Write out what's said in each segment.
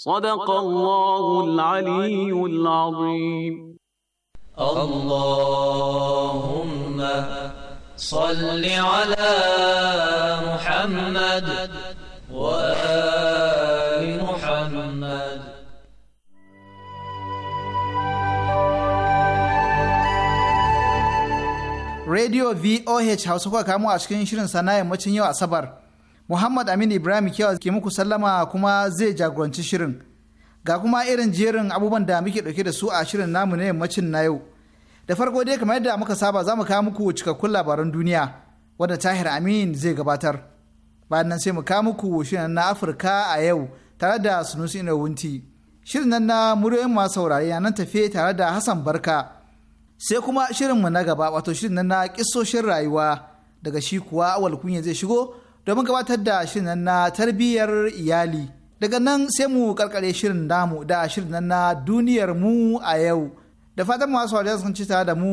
صدق الله العلي العظيم اللهم صل على محمد وآل محمد Radio VOH Hausa kuka a cikin shirin sana yammacin yau Asabar. Muhammad Aminu Ibrahim Kiyawa ke muku sallama kuma zai jagoranci shirin. Ga kuma irin jerin abubuwan da muke ɗauke da su a shirin namu na yammacin na yau. Da farko dai kamar yadda muka saba za mu kawo muku cikakkun labaran duniya wanda Tahir Amin zai gabatar. Bayan nan sai mu kawo muku shirin na Afirka a yau tare da Sunusi Inawunti. Shirin nan na muryoyin masu saurare nan tafe tare da Hassan Barka. Sai kuma shirin mu na gaba wato shirin nan na kisoshin rayuwa daga shi kuwa awal kunya zai shigo domin gabatar da shirin na tarbiyyar iyali. Daga nan sai mu karkare shirin damu da shirin na duniyar mu a yau. Da fatan masu wajen sun ci tare da mu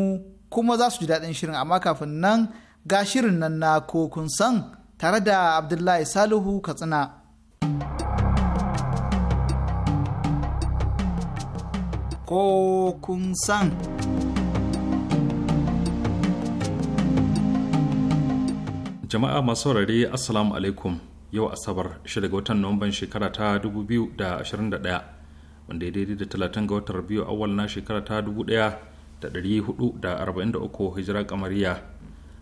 kuma za su ji daɗin shirin amma kafin nan ga shirin nan na kokun san tare da Abdullahi Salihu Katsina. kokun kun san. jama'a masu saurare assalamu alaikum yau asabar shida ga watan nuwamban shekara ta 2021 wanda ya daidai da 30 ga watan biyu awal na shekara ta 1443 hijira kamariya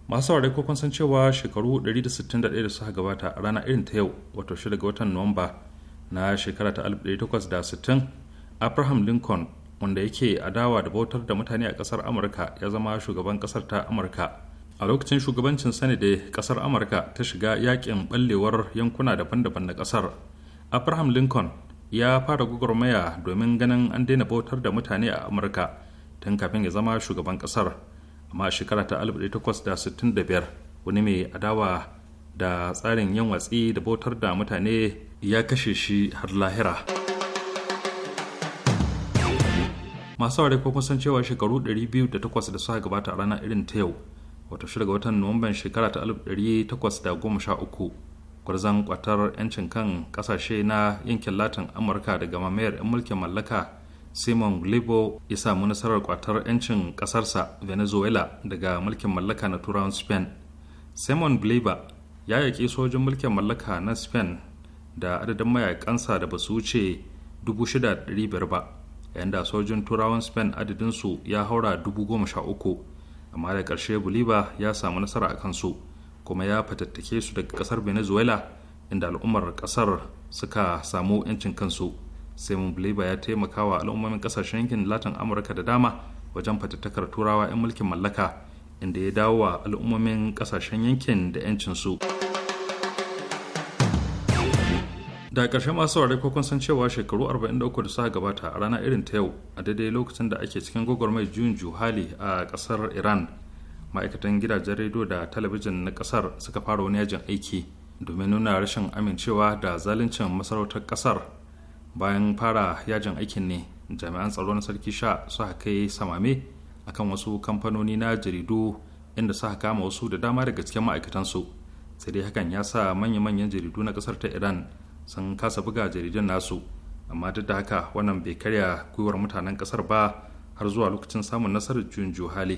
masu saurare ko kun san cewa shekaru 161 da suka gabata a rana irin ta yau wato shida ga watan nuwamba na shekara ta 1860 abraham lincoln wanda yake adawa da bautar da mutane a kasar amurka ya zama shugaban kasar ta amurka a lokacin shugabancin sani da kasar amurka ta shiga yakin ballewar yankuna daban-daban na kasar abraham lincoln ya fara gwagwarmaya domin ganin an daina bautar da mutane a amurka tun kafin ya zama shugaban kasar amma a shekara ta 1865 wani mai adawa da tsarin yan watsi da bautar da mutane ya kashe shi har lahira masu ware kuma cewa shekaru 208 da suka gabata a ranar irin ta yau wato shirga watan nuwamban shekara ta 1813 gwarzan kwatar 'yancin kan kasashe na yankin latin amurka daga mamayar 'yan mulkin mallaka simon glebo ya samu nasarar kwatar 'yancin kasarsa venezuela daga mulkin mallaka na turawan spain simon glebo ya yaƙi sojin mulkin mallaka na spain da adadin mayakansa da ba su wuce 6,500 ba yayin da sojin turawan spain adadinsu ya haura 13,000 amma da karshe bolivia ya samu nasara a kansu kuma ya fatattake su daga ƙasar venezuela inda al'ummar ƙasar suka samu 'yancin kansu sai mun bolivia ya taimaka wa al'ummomin ƙasashen yankin latin amurka da dama wajen fatattakar turawa 'yan mulkin mallaka inda ya dawo wa al'ummomin kasashen yankin da 'yancinsu. su da ƙarshe masu ware ko kun san cewa shekaru 43 da suka gabata a rana irin ta yau a daidai lokacin da ake cikin gwagwarmai junju hali a ƙasar iran ma'aikatan gidajen rediyo da talabijin na ƙasar suka fara wani yajin aiki domin nuna rashin amincewa da zaluncin masarautar ƙasar bayan fara yajin aikin ne jami'an tsaro na sarki sha suka kai samame akan wasu kamfanoni na jaridu inda suka kama wasu da dama daga cikin ma'aikatansu sai dai hakan ya sa manya-manyan jaridu na ƙasar ta iran sun kasa buga jaridun nasu amma duk da haka wannan bai karya gwiwar mutanen kasar ba har zuwa lokacin samun nasarar juyin juhali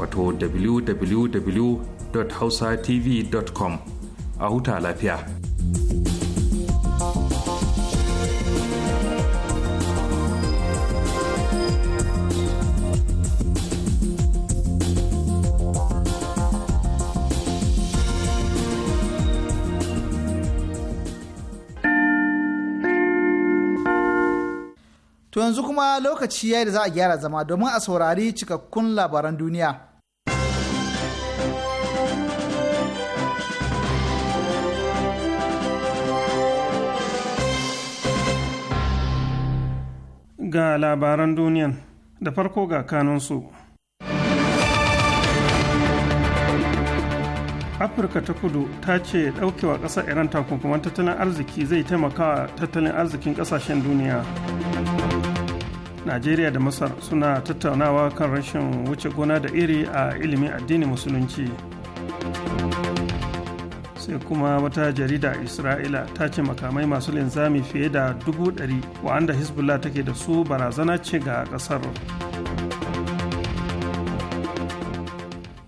wato www.hausatv.com a huta lafiya. To yanzu kuma lokaci ya da za a gyara zama domin a saurari cikakkun labaran duniya. ga labaran duniyan da farko ga kanunsu. afirka ta kudu ta ce daukewa ƙasar iran takunkuman tattalin arziki zai taimaka tattalin arzikin ƙasashen duniya najeriya da masar suna tattaunawa kan rashin wuce gona da iri a ilimin addinin musulunci sai kuma wata jarida isra'ila ta ce makamai masu linzami fiye da dubu ɗari wa'anda hezbollah take da su barazana ce ga kasar.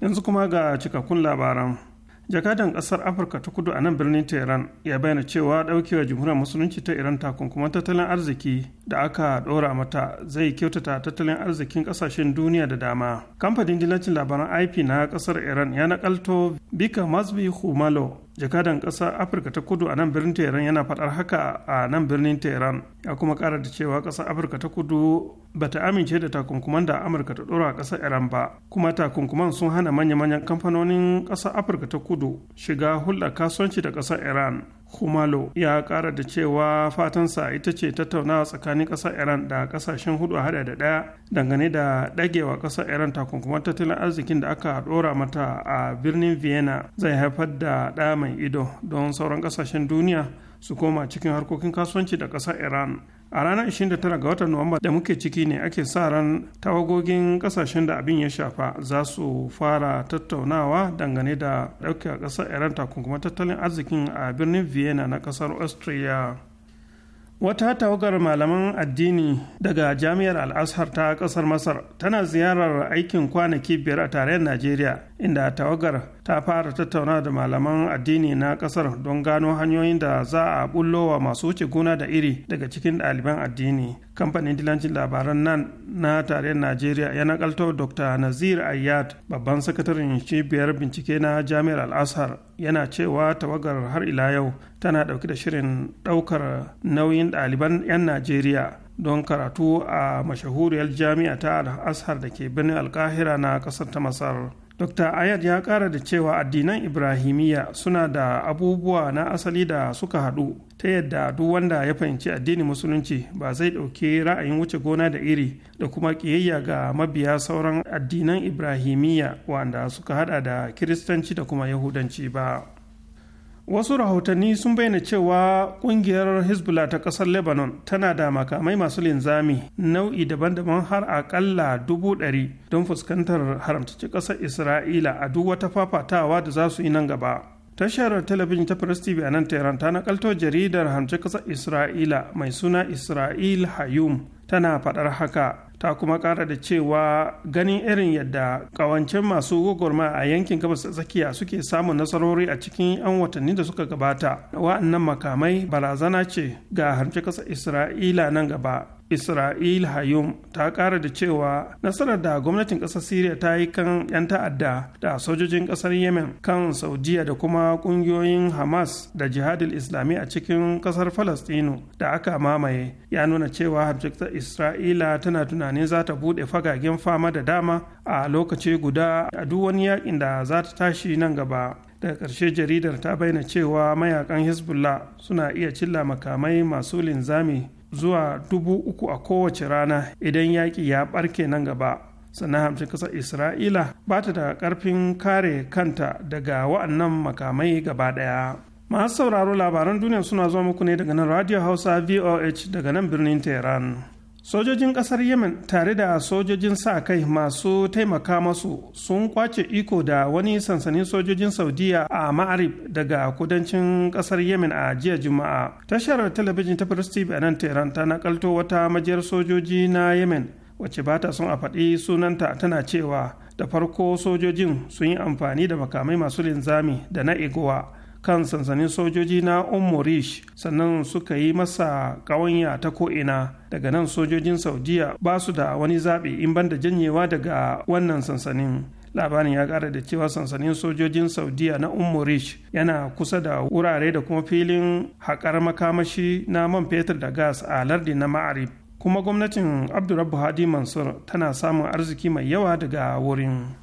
yanzu kuma ga cikakkun labaran jakadan ƙasar afirka ta kudu a nan birnin tehran ya bayyana cewa ɗaukewa jamhuriyar musulunci ta iran takunkuman tattalin arziki da aka ɗora mata zai kyautata tattalin arzikin ƙasashen duniya da dama kamfanin dillacin labaran ip na ƙasar iran ya nakalto bika mazbi humalo jakadan ƙasar afirka ta kudu a nan birnin tehran yana faɗar haka a nan birnin tehran ya kuma ƙara da cewa ƙasar afirka ta kudu ba ta amince da takunkuman da amurka ta ɗora a ƙasar iran ba kuma takunkuman sun hana manya-manyan kamfanonin ƙasar afirka ta kudu shiga hulɗa kasuwanci da ƙasar iran humalo ya kara da cewa fatansa ita ce tattaunawa tsakanin ƙasar Iran da ƙasashen hudu a hada da ɗaya dangane da ɗagewa ƙasar Iran takunkumar tattalin arzikin da aka ɗora mata a birnin Vienna zai haifar da ɗa mai ido don sauran ƙasashen duniya su koma cikin harkokin kasuwanci da ƙasar Iran. a ranar 29 ga watan nuwamba da muke ciki ne ake sa ran tawagogin kasashen da abin ya shafa za su fara tattaunawa dangane da ɗauke ƙasar iran takunkuma tattalin arzikin a birnin vienna na ƙasar austria wata tawagar malaman addini daga jami'ar al'ashar ta ƙasar masar tana ziyarar aikin kwanaki biyar a tarayyar najeriya inda tawagar ta fara tattauna da malaman addini na kasar don gano hanyoyin da za a bullo wa masu wuce gona da iri daga cikin ɗaliban addini kamfanin dilancin labaran nan na tarayyar najeriya ya nakalto dr nazir ayyad babban sakataren cibiyar bincike na jami'ar Al-Azhar, yana cewa tawagar har ila yau tana ɗauke da shirin ɗaukar nauyin ɗaliban 'yan najeriya don karatu a mashahuriyar jami'a ta Al-Azhar da ke birnin alkahira na ƙasar ta masar dr ayad ya kara da cewa addinan ibrahimiyya suna da abubuwa na asali da suka haɗu ta yadda duk wanda ya fahimci addinin musulunci ba zai ɗauki ra'ayin wuce gona da iri da kuma ƙiyayya ga mabiya sauran addinan ibrahimiyya wanda suka haɗa da kiristanci da kuma yahudanci ba wasu rahotanni sun bayyana cewa kungiyar hezbollah ta kasar lebanon tana da makamai masu linzami nau'i daban-daban har akalla dubu ɗari don fuskantar haramtacci ƙasar isra'ila a duk wata fafatawa da za su yi nan gaba tashar talabijin ta press tv a nan tehran ta nakalto jaridar haramci ƙasar isra'ila mai suna isra'il hayum tana faɗar haka ta kuma kara da cewa ganin irin yadda kawancin masu gogorma a yankin gabas tsakiya suke samun nasarori a cikin 'yan watanni da suka gabata wa'annan makamai barazana ce ga harce kasa isra'ila nan gaba Isra'il Hayum ta kara da cewa nasarar da gwamnatin kasar Siriya ta yi kan 'yan ta'adda da sojojin kasar Yemen kan Saudiya da kuma kungiyoyin Hamas da Jihadul Islami a cikin kasar Falastinu da aka mamaye ya nuna cewa harjiktar Isra'ila tana tunanin za ta buɗe fagagen fama da dama a lokaci guda a duk wani yakin da za ta tashi nan gaba. daga ƙarshe jaridar ta bayyana cewa mayakan hezbollah suna iya cilla makamai masu linzami zuwa dubu uku a kowace rana idan yaƙi ya ɓarke nan gaba sannan hamsin ƙasar isra'ila ba ta da ƙarfin kare kanta daga wa'annan makamai gaba ɗaya masu sauraro labaran duniya suna zuwa muku ne daga nan radio hausa voh daga nan birnin tehran sojojin ƙasar yemen tare da sojojin sa kai masu taimaka masu sun kwace iko da wani sansanin sojojin saudiya a ma'arib daga kudancin ƙasar yemen a jiya juma'a tashar talabijin ta first tv a nan tehran ta nakalto wata majiyar sojoji na yemen wacce bata ta son a faɗi sunanta tana cewa da farko sojojin sun yi amfani da makamai masu linzami da na igowa kan sansanin sojoji na Umurish sannan suka yi masa ƙawanya ta ko'ina daga nan sojojin Saudiya ba su da wani zaɓi in banda janyewa daga wannan sansanin. labarin ya kara da cewa sansanin sojojin saudiya na umurish yana kusa da wurare da kuma filin haƙar makamashi na man fetur da gas a lardi na ma'arib kuma gwamnatin abdurrabbu hadi mansur tana samun arziki mai yawa daga wurin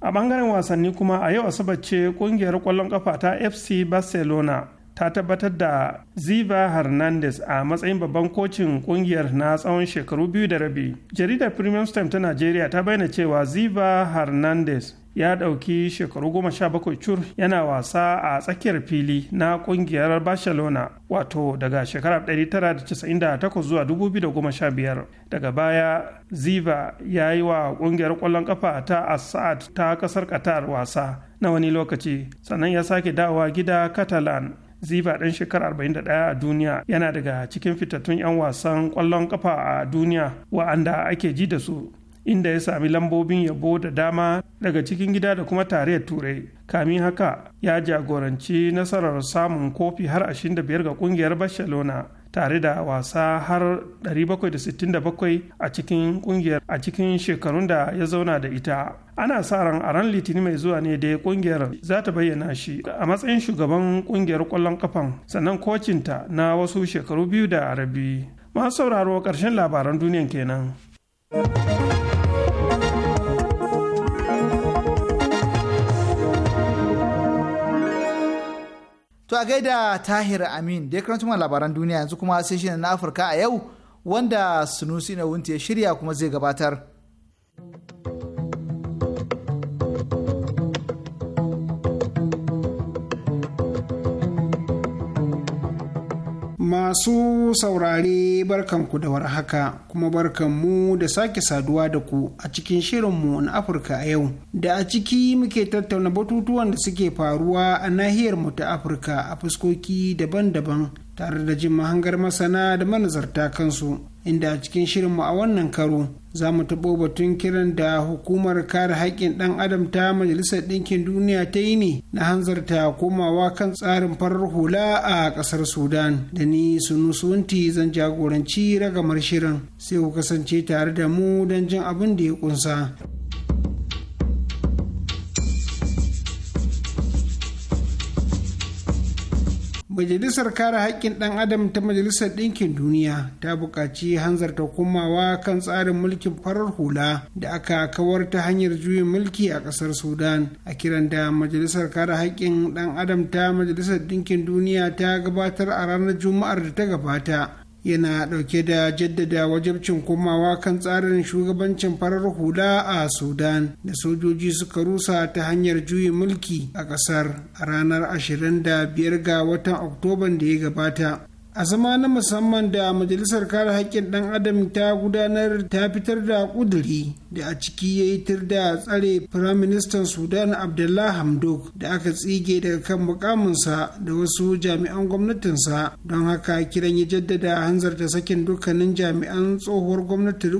a bangaren wasanni kuma a yau asabar ce kungiyar kwallon kafa ta fc barcelona ta tabbatar da ziva hernandez a matsayin babban kocin kungiyar na tsawon shekaru biyu da rabi jaridar premium stem ta najeriya ta bayyana cewa ziva hernandez ya ɗauki shekaru goma sha bakwai cur yana wasa a tsakiyar fili na ƙungiyar barcelona wato daga shekarar 1998 zuwa 2015 daga baya ziva ya yi wa ƙungiyar ƙwallon kafa ta assad ta ƙasar qatar wasa na wani lokaci sannan ya sake dawowa gida catalan ziva ɗan shekara 41 a duniya yana daga cikin fitattun 'yan wasan ƙwallon kafa a duniya wa'anda ake ji da su inda ya sami lambobin yabo da dama daga cikin gida da kuma tarayyar turai kamin haka ya jagoranci nasarar samun kofi har 25 ga kungiyar barcelona tare da wasa har 767 a cikin kungiyar a cikin shekarun da ya zauna da ita ana sa ran a ran litinin mai zuwa ne da kungiyar za ta bayyana shi a matsayin shugaban kungiyar kwallon kafan sannan kocinta na wasu shekaru biyu da arabi masu sauraro ƙarshen labaran duniyan kenan. a gaida Tahir Amin da ya karanta mana labaran duniya yanzu kuma sai shi na Afirka a yau wanda Sunusi na wunti ya shirya kuma zai gabatar. Masu saurare barkanku da warhaka kuma barkanmu da sake saduwa da ku a cikin shirinmu na Afirka a yau. Da a ciki muke tattauna batutuwan da suke faruwa a nahiyar mu ta Afirka a fuskoki daban-daban tare da jin mahangar masana da manazarta kansu inda a cikin shirinmu a wannan karo za mu taɓo batun kiran da hukumar kare haƙƙin ɗan adam ta majalisar ɗinkin duniya ta yi ne na hanzarta komawa kan tsarin farar hula a ƙasar sudan da ni su sunti zan jagoranci ragamar shirin sai ku kasance tare da mu don jin abin da ya ƙunsa. majalisar kare haƙƙin ɗan adam ta majalisar ɗinkin duniya ta buƙaci hanzarta komawa kan tsarin mulkin farar hula da aka kawar ta hanyar juyin mulki a ƙasar sudan a kiran da majalisar kare haƙƙin ɗan adam ta majalisar ɗinkin duniya ta gabatar a ranar juma'ar da ta gabata yana ɗauke da jaddada wajabcin komawa kan tsarin shugabancin farar hula a sudan da sojoji suka rusa ta hanyar juyin mulki a ƙasar a ranar 25 ga watan oktoban da ya gabata a zama na musamman da majalisar kare haƙƙin ɗan adam ta gudanar ta fitar da ƙuduri da a ciki ya yi tir da tsare firaministan sudan abdullah hamdok da aka tsige daga kan mukaminsa da wasu jami'an gwamnatinsa don haka kiran ya jaddada hanzarta sakin dukkanin jami'an tsohuwar gwamnati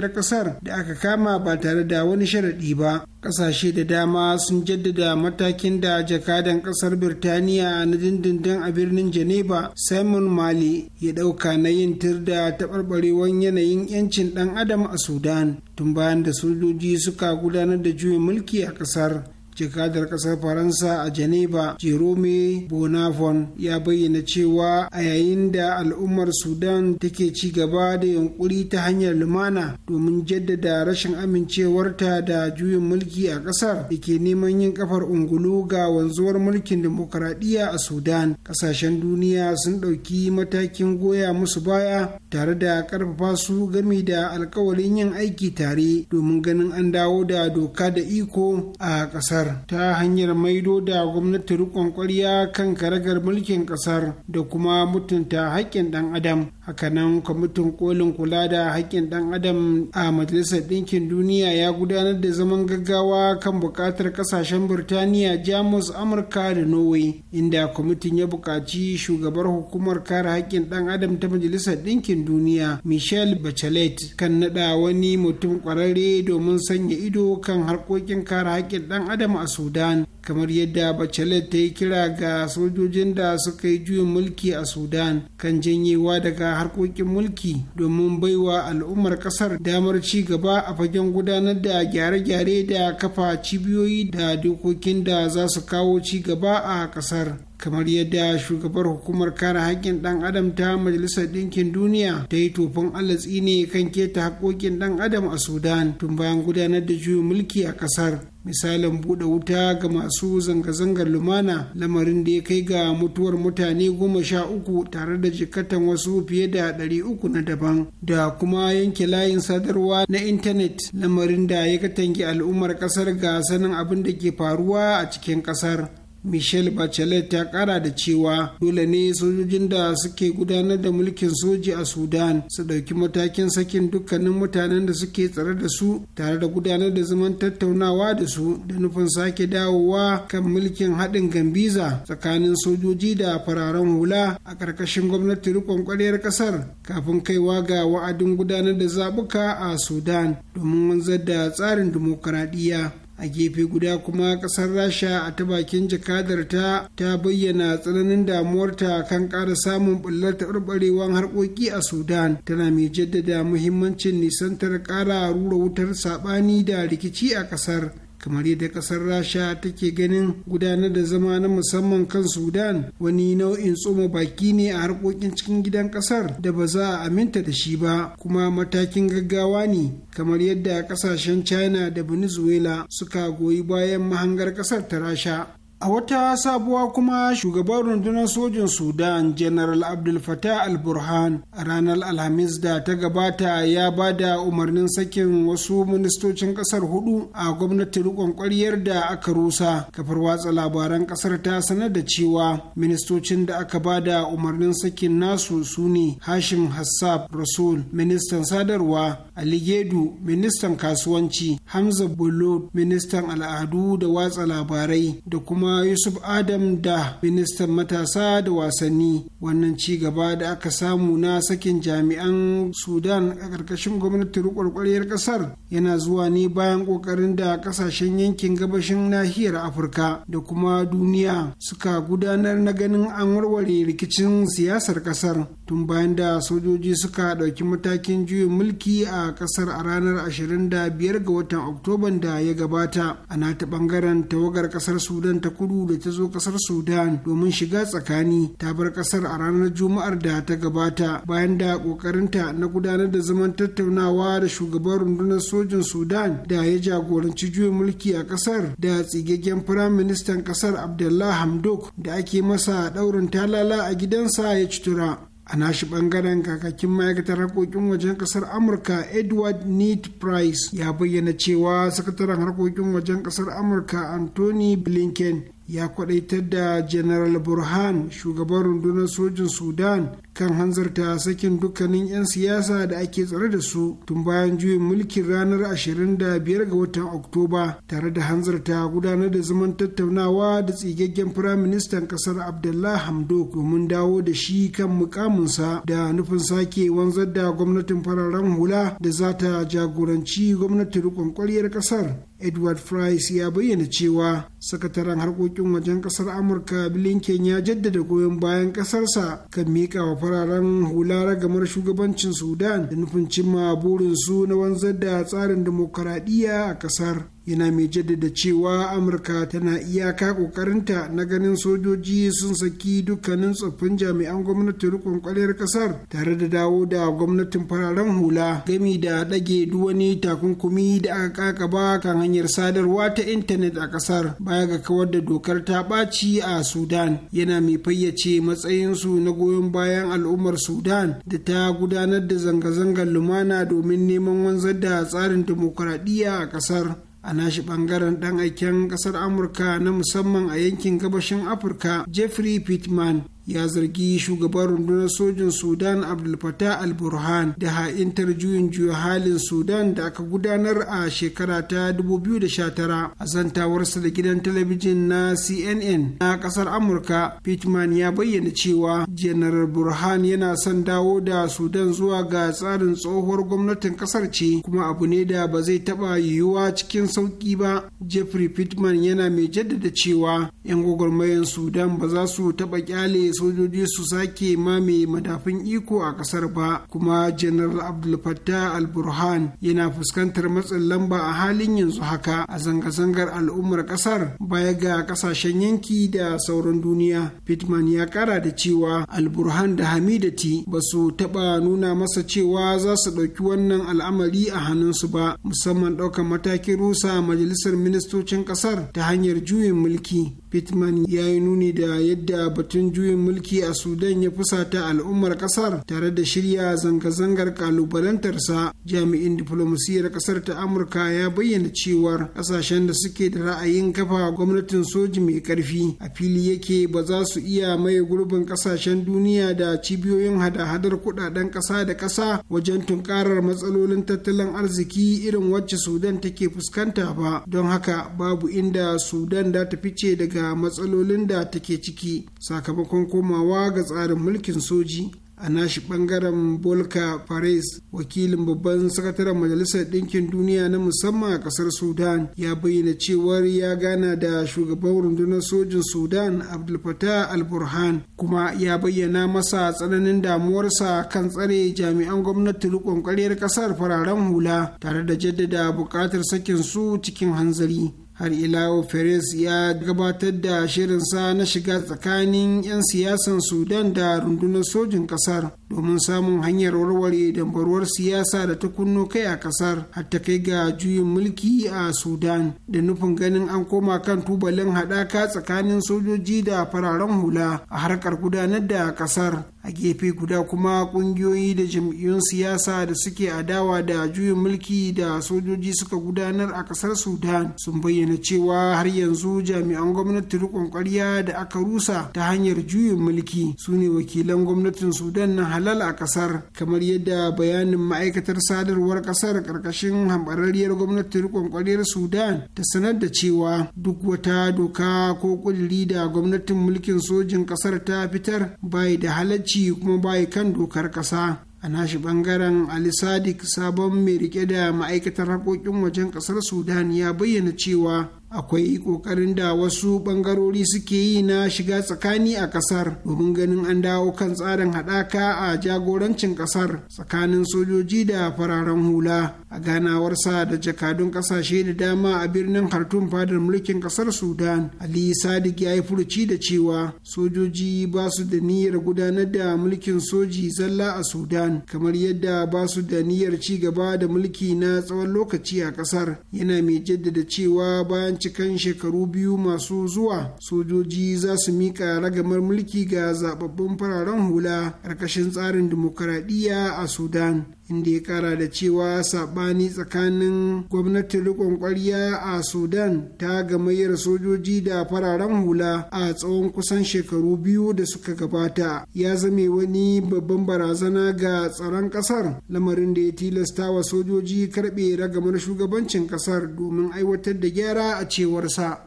da ƙasar da aka kama ba tare da wani sharaɗi ba kasashe da dama sun jaddada matakin da jakadan kasar birtaniya na dindindin a birnin geneva simon mali ya dauka na yin tir da taɓarɓarewar yanayin 'yancin ɗan adam a sudan tun bayan da sojoji suka gudanar da juyin mulki a ƙasar jakadar kasar faransa a geneva jerome bonavon ya bayyana cewa a yayin da al'ummar sudan take cigaba da yunkuri ta hanyar lumana domin jaddada rashin amincewarta da juyin mulki a kasar da ke neman yin kafar ungulu ga wanzuwar mulkin demokuraɗiyya a sudan kasashen duniya sun ɗauki matakin goya musu baya tare da ƙarfafa su game da alkawarin yin aiki tare domin ganin an dawo da doka da iko a ƙasar kasar ta hanyar maido da gwamnati rikon kwarya kan karagar mulkin ƙasar da kuma mutunta haƙƙin ɗan adam hakanan kwamitin kolin kula da haƙƙin ɗan adam a majalisar ɗinkin duniya ya gudanar da zaman gaggawa kan buƙatar ƙasashen burtaniya jamus amurka da norway inda kwamitin ya buƙaci shugabar hukumar kare haƙƙin ɗan adam ta majalisar ɗinkin duniya michelle bachelet kan naɗa wani mutum ƙwararre domin sanya ido kan harkokin kare haƙƙin ɗan adam a sudan kamar yadda bachelet ta yi kira ga sojojin da suka yi juyin mulki a sudan kan janyewa daga harkokin mulki domin baiwa al'ummar kasar damar ci gaba a fagen gudanar da gyare-gyare da kafa cibiyoyi da dokokin da za su kawo ci gaba a kasar kamar yadda shugabar hukumar kare haƙƙin ɗan adam ta majalisar ɗinkin duniya ta yi tofin alatsi ne kan keta haƙƙoƙin ɗan adam a sudan tun bayan gudanar da juyin mulki a ƙasar misalin buɗe wuta ga masu zanga-zangar lumana lamarin da ya kai ga mutuwar mutane goma sha uku tare da jikatan wasu fiye da ɗari uku na daban da kuma yanke layin sadarwa na intanet lamarin da ya katange al'ummar ƙasar ga sanin abin da ke faruwa a cikin ƙasar michelle bachelet ta kara da cewa dole ne sojojin da suke gudanar da mulkin soji a sudan su ɗauki matakin sakin dukkanin mutanen da suke tsare da su tare da gudanar da zaman tattaunawa da su da nufin sake dawowa kan mulkin haɗin gambiza tsakanin sojoji da fararen hula a ƙarƙashin gwamnati rikon ƙwaryar ƙasar kafin kaiwa ga wa'adin gudanar da zaɓuka a sudan domin wanzar da tsarin dimokuraɗiyya a gefe guda kuma kasar rasha a ta bakin jakadarta ta bayyana tsananin damuwarta kan ƙara samun bullar taɓarɓarewar harkoki a sudan tana mai jaddada muhimmancin nisantar ƙara rura wutar saɓani da rikici a ƙasar kamar yadda kasar rasha take ganin gudanar da zama na musamman kan sudan wani nau'in tsoma baki ne a harkokin cikin gidan kasar da ba za a aminta da shi ba kuma matakin gaggawa ne kamar yadda kasashen china da venezuela suka goyi bayan mahangar kasar ta rasha A wata sabuwa kuma shugaban rundunar sojin Sudan General Abdul Fattah al-Burhan a ranar Alhamis da ta gabata ya ba da umarnin sakin wasu ministocin kasar hudu a gwamnatin rikon kwaryar da aka rusa. Kafar watsa labaran kasar ta sanar da cewa ministocin da aka ba da umarnin sakin nasu su ne Hashim Hassab Rasul, ministan sadarwa, Ali Gedu, ministan kasuwanci, Hamza Bulut, ministan al'adu da watsa labarai da kuma kuma yusuf adam da ministan matasa da wasanni wannan ci gaba da aka samu na sakin jami'an sudan a ƙarƙashin gwamnati rukwarkwariyar ƙasar yana zuwa ne bayan ƙoƙarin da ƙasashen yankin gabashin nahiyar afirka da kuma duniya suka gudanar na ganin an warware rikicin siyasar ƙasar tun bayan da sojoji suka ɗauki matakin juyin mulki a ƙasar a ranar 25 ga watan oktoban da ya gabata a nata ɓangaren tawagar ƙasar sudan ta kudu da ta zo ƙasar sudan domin shiga tsakani ta bar ƙasar a ranar juma'ar da ta gabata bayan da ƙoƙarinta na gudanar da zaman tattaunawa da shugaban rundunar sojin sudan da ya jagoranci juyin mulki a ƙasar da tsigaggen firaministan ƙasar abdullah hamdok da ake masa ɗaurin talala a gidansa ya ci tura a nashi bangaren kakakin ma'aikatar harkokin wajen kasar amurka edward neat price ya bayyana cewa sakataren harkokin wajen kasar amurka anthony blinken ya kwadaitar da general burhan shugaban rundunar sojin sudan kan hanzarta sakin dukkanin 'yan siyasa da ake tsare da su tun bayan juyin mulkin ranar 25 ga watan Oktoba tare da hanzarta gudanar da zaman tattaunawa da tsigaggen firaministan kasar Abdullah hamdo domin dawo da shi kan mukaminsa da nufin sake wanzar da gwamnatin fararen hula da za ta jagoranci gwamnatin rikon ƙwaryar ƙasar. Edward Price ya bayyana cewa sakataren harkokin wajen kasar Amurka Blinken ya jaddada goyon bayan kasarsa kan miƙa wa fararen hula ragamar shugabancin sudan da nufin cimma burinsu na wanzar da tsarin dimokuraɗiyya a kasar. yana mai jaddada cewa amurka tana iyaka kokarinta na ganin sojoji sun saki dukkanin tsoffin jami'an gwamnatin rikon kwarar kasar tare da dawo da gwamnatin fararen hula gami da ɗage duwani wani takunkumi da aka ba kan hanyar sadarwa ta intanet a kasar baya ga kawar da dokar ta ɓaci a sudan yana mai fayyace matsayinsu na goyon bayan al'ummar sudan da ta gudanar da zanga-zangar lumana domin neman wanzar da tsarin dimokuraɗiyya a kasar a nashi bangaren dan aiken kasar amurka na musamman a yankin gabashin afirka jeffrey pittman ya zargi shugaban rundunar sojin sudan abdul al-burhan da ha'intar juyin juya halin sudan da aka gudanar a shekara ta 2019 a zantawarsa da gidan talabijin na cnn na kasar amurka pittman ya bayyana cewa janar burhan yana son dawo da sudan zuwa ga tsarin tsohuwar gwamnatin kasar ce kuma abu ne da ba zai taba yiwuwa cikin sauki ba jeffrey pittman yana mai jaddada cewa 'yan gwagwarmayan sudan ba za su taba kyale sojoji su sake mame madafin iko a kasar ba kuma general abdul fattah al-burhan yana fuskantar matsin lamba a halin yanzu haka a zanga-zangar al'ummar kasar baya ga kasashen yanki da sauran duniya pittman ya kara da cewa al-burhan da hamidati ba su taba nuna masa cewa za su ɗauki wannan al'amari a hannunsu ba musamman ɗaukar matakin rusa majalisar ministocin kasar ta hanyar juyin mulki Pittman ya yi nuni da yadda batun juyin mulki a Sudan ya fusata al'ummar kasar tare da shirya zanga-zangar kalubalantarsa jami'in diflomasiyyar kasar ta Amurka ya bayyana cewar kasashen da suke da ra'ayin kafa gwamnatin soji mai karfi a fili yake ba za su iya maye gurbin kasashen duniya da cibiyoyin hada-hadar kudaden kasa da kasa wajen tunkarar matsalolin tattalin arziki irin wacce Sudan take fuskanta ba don haka babu inda Sudan da ta fice daga ga matsalolin da take ciki sakamakon komawa ga tsarin mulkin soji a nashi bangaren bolka paris wakilin babban sakataren majalisar ɗinkin duniya na musamman a ƙasar sudan ya bayyana cewar ya gana da shugaban rundunar sojin sudan abdul al-burhan kuma ya bayyana masa tsananin damuwarsa kan tsare jami'an gwamnati riƙon ƙasar fararen hula tare da jaddada buƙatar sakin su cikin hanzari har ilawo perez ya gabatar da shirinsa na shiga tsakanin 'yan siyasan sudan da rundunar sojin kasar domin samun hanyar warware dambarwar siyasa da ta kunno kai a kasar hatta kai ga juyin mulki a sudan da nufin ganin an koma kan tubalin haɗaka tsakanin sojoji da fararen hula a harkar gudanar da kasar a gefe guda kuma kungiyoyi da jam'iyyun siyasa da suke adawa da juyin mulki da sojoji suka gudanar a kasar sudan sun bayyana cewa har yanzu jami'an gwamnati rikon kwarya da aka rusa ta hanyar juyin mulki su ne wakilan gwamnatin sudan na halal a kasar kamar yadda bayanin ma'aikatar sadarwar kasar karkashin hambararriyar gwamnati rikon kwaryar sudan ta sanar da cewa duk wata doka ko kudiri da gwamnatin mulkin sojin kasar ta fitar bai da halacci ci kuma bayi kan dokar ƙasa a nashi bangaren ali sadik sabon mai rike da ma'aikatar harkokin wajen ƙasar sudan ya bayyana cewa akwai ƙoƙarin da wasu ɓangarori suke yi na shiga tsakani a ƙasar domin ganin an dawo kan tsarin haɗaka a jagorancin ƙasar tsakanin sojoji da fararen hula a ganawar sa da jakadun ƙasashe da dama a birnin hartun fadar mulkin ƙasar sudan ali sadiq ya yi furuci da cewa sojoji ba su da niyyar gudanar da mulkin soji zalla a sudan kamar yadda ba su da niyyar ci gaba da mulki na tsawon lokaci a ƙasar yana mai jaddada cewa bayan kan cikan shekaru biyu masu zuwa sojoji za su miƙa ragamar mulki ga zababbun fararen hula ƙarƙashin tsarin dimokuraɗiyya a sudan inda ya kara da cewa sabani tsakanin gwamnatin rikon kwarya a sudan ta gamayyar sojoji da fararen hula a tsawon kusan shekaru biyu da suka gabata ya zame wani babban barazana ga tsaron kasar lamarin da ya tilasta wa sojoji karbe ragamar shugabancin kasar domin aiwatar da gyara a cewarsa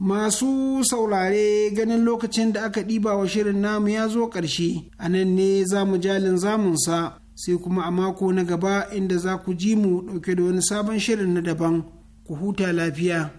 Masu saurare ganin lokacin da aka ɗiba wa shirin namu ya zo ƙarshe, a nan ne zamu ja jalin zamunsa sai kuma a mako na gaba inda za ku ji mu ɗauke da wani sabon shirin na daban ku huta lafiya.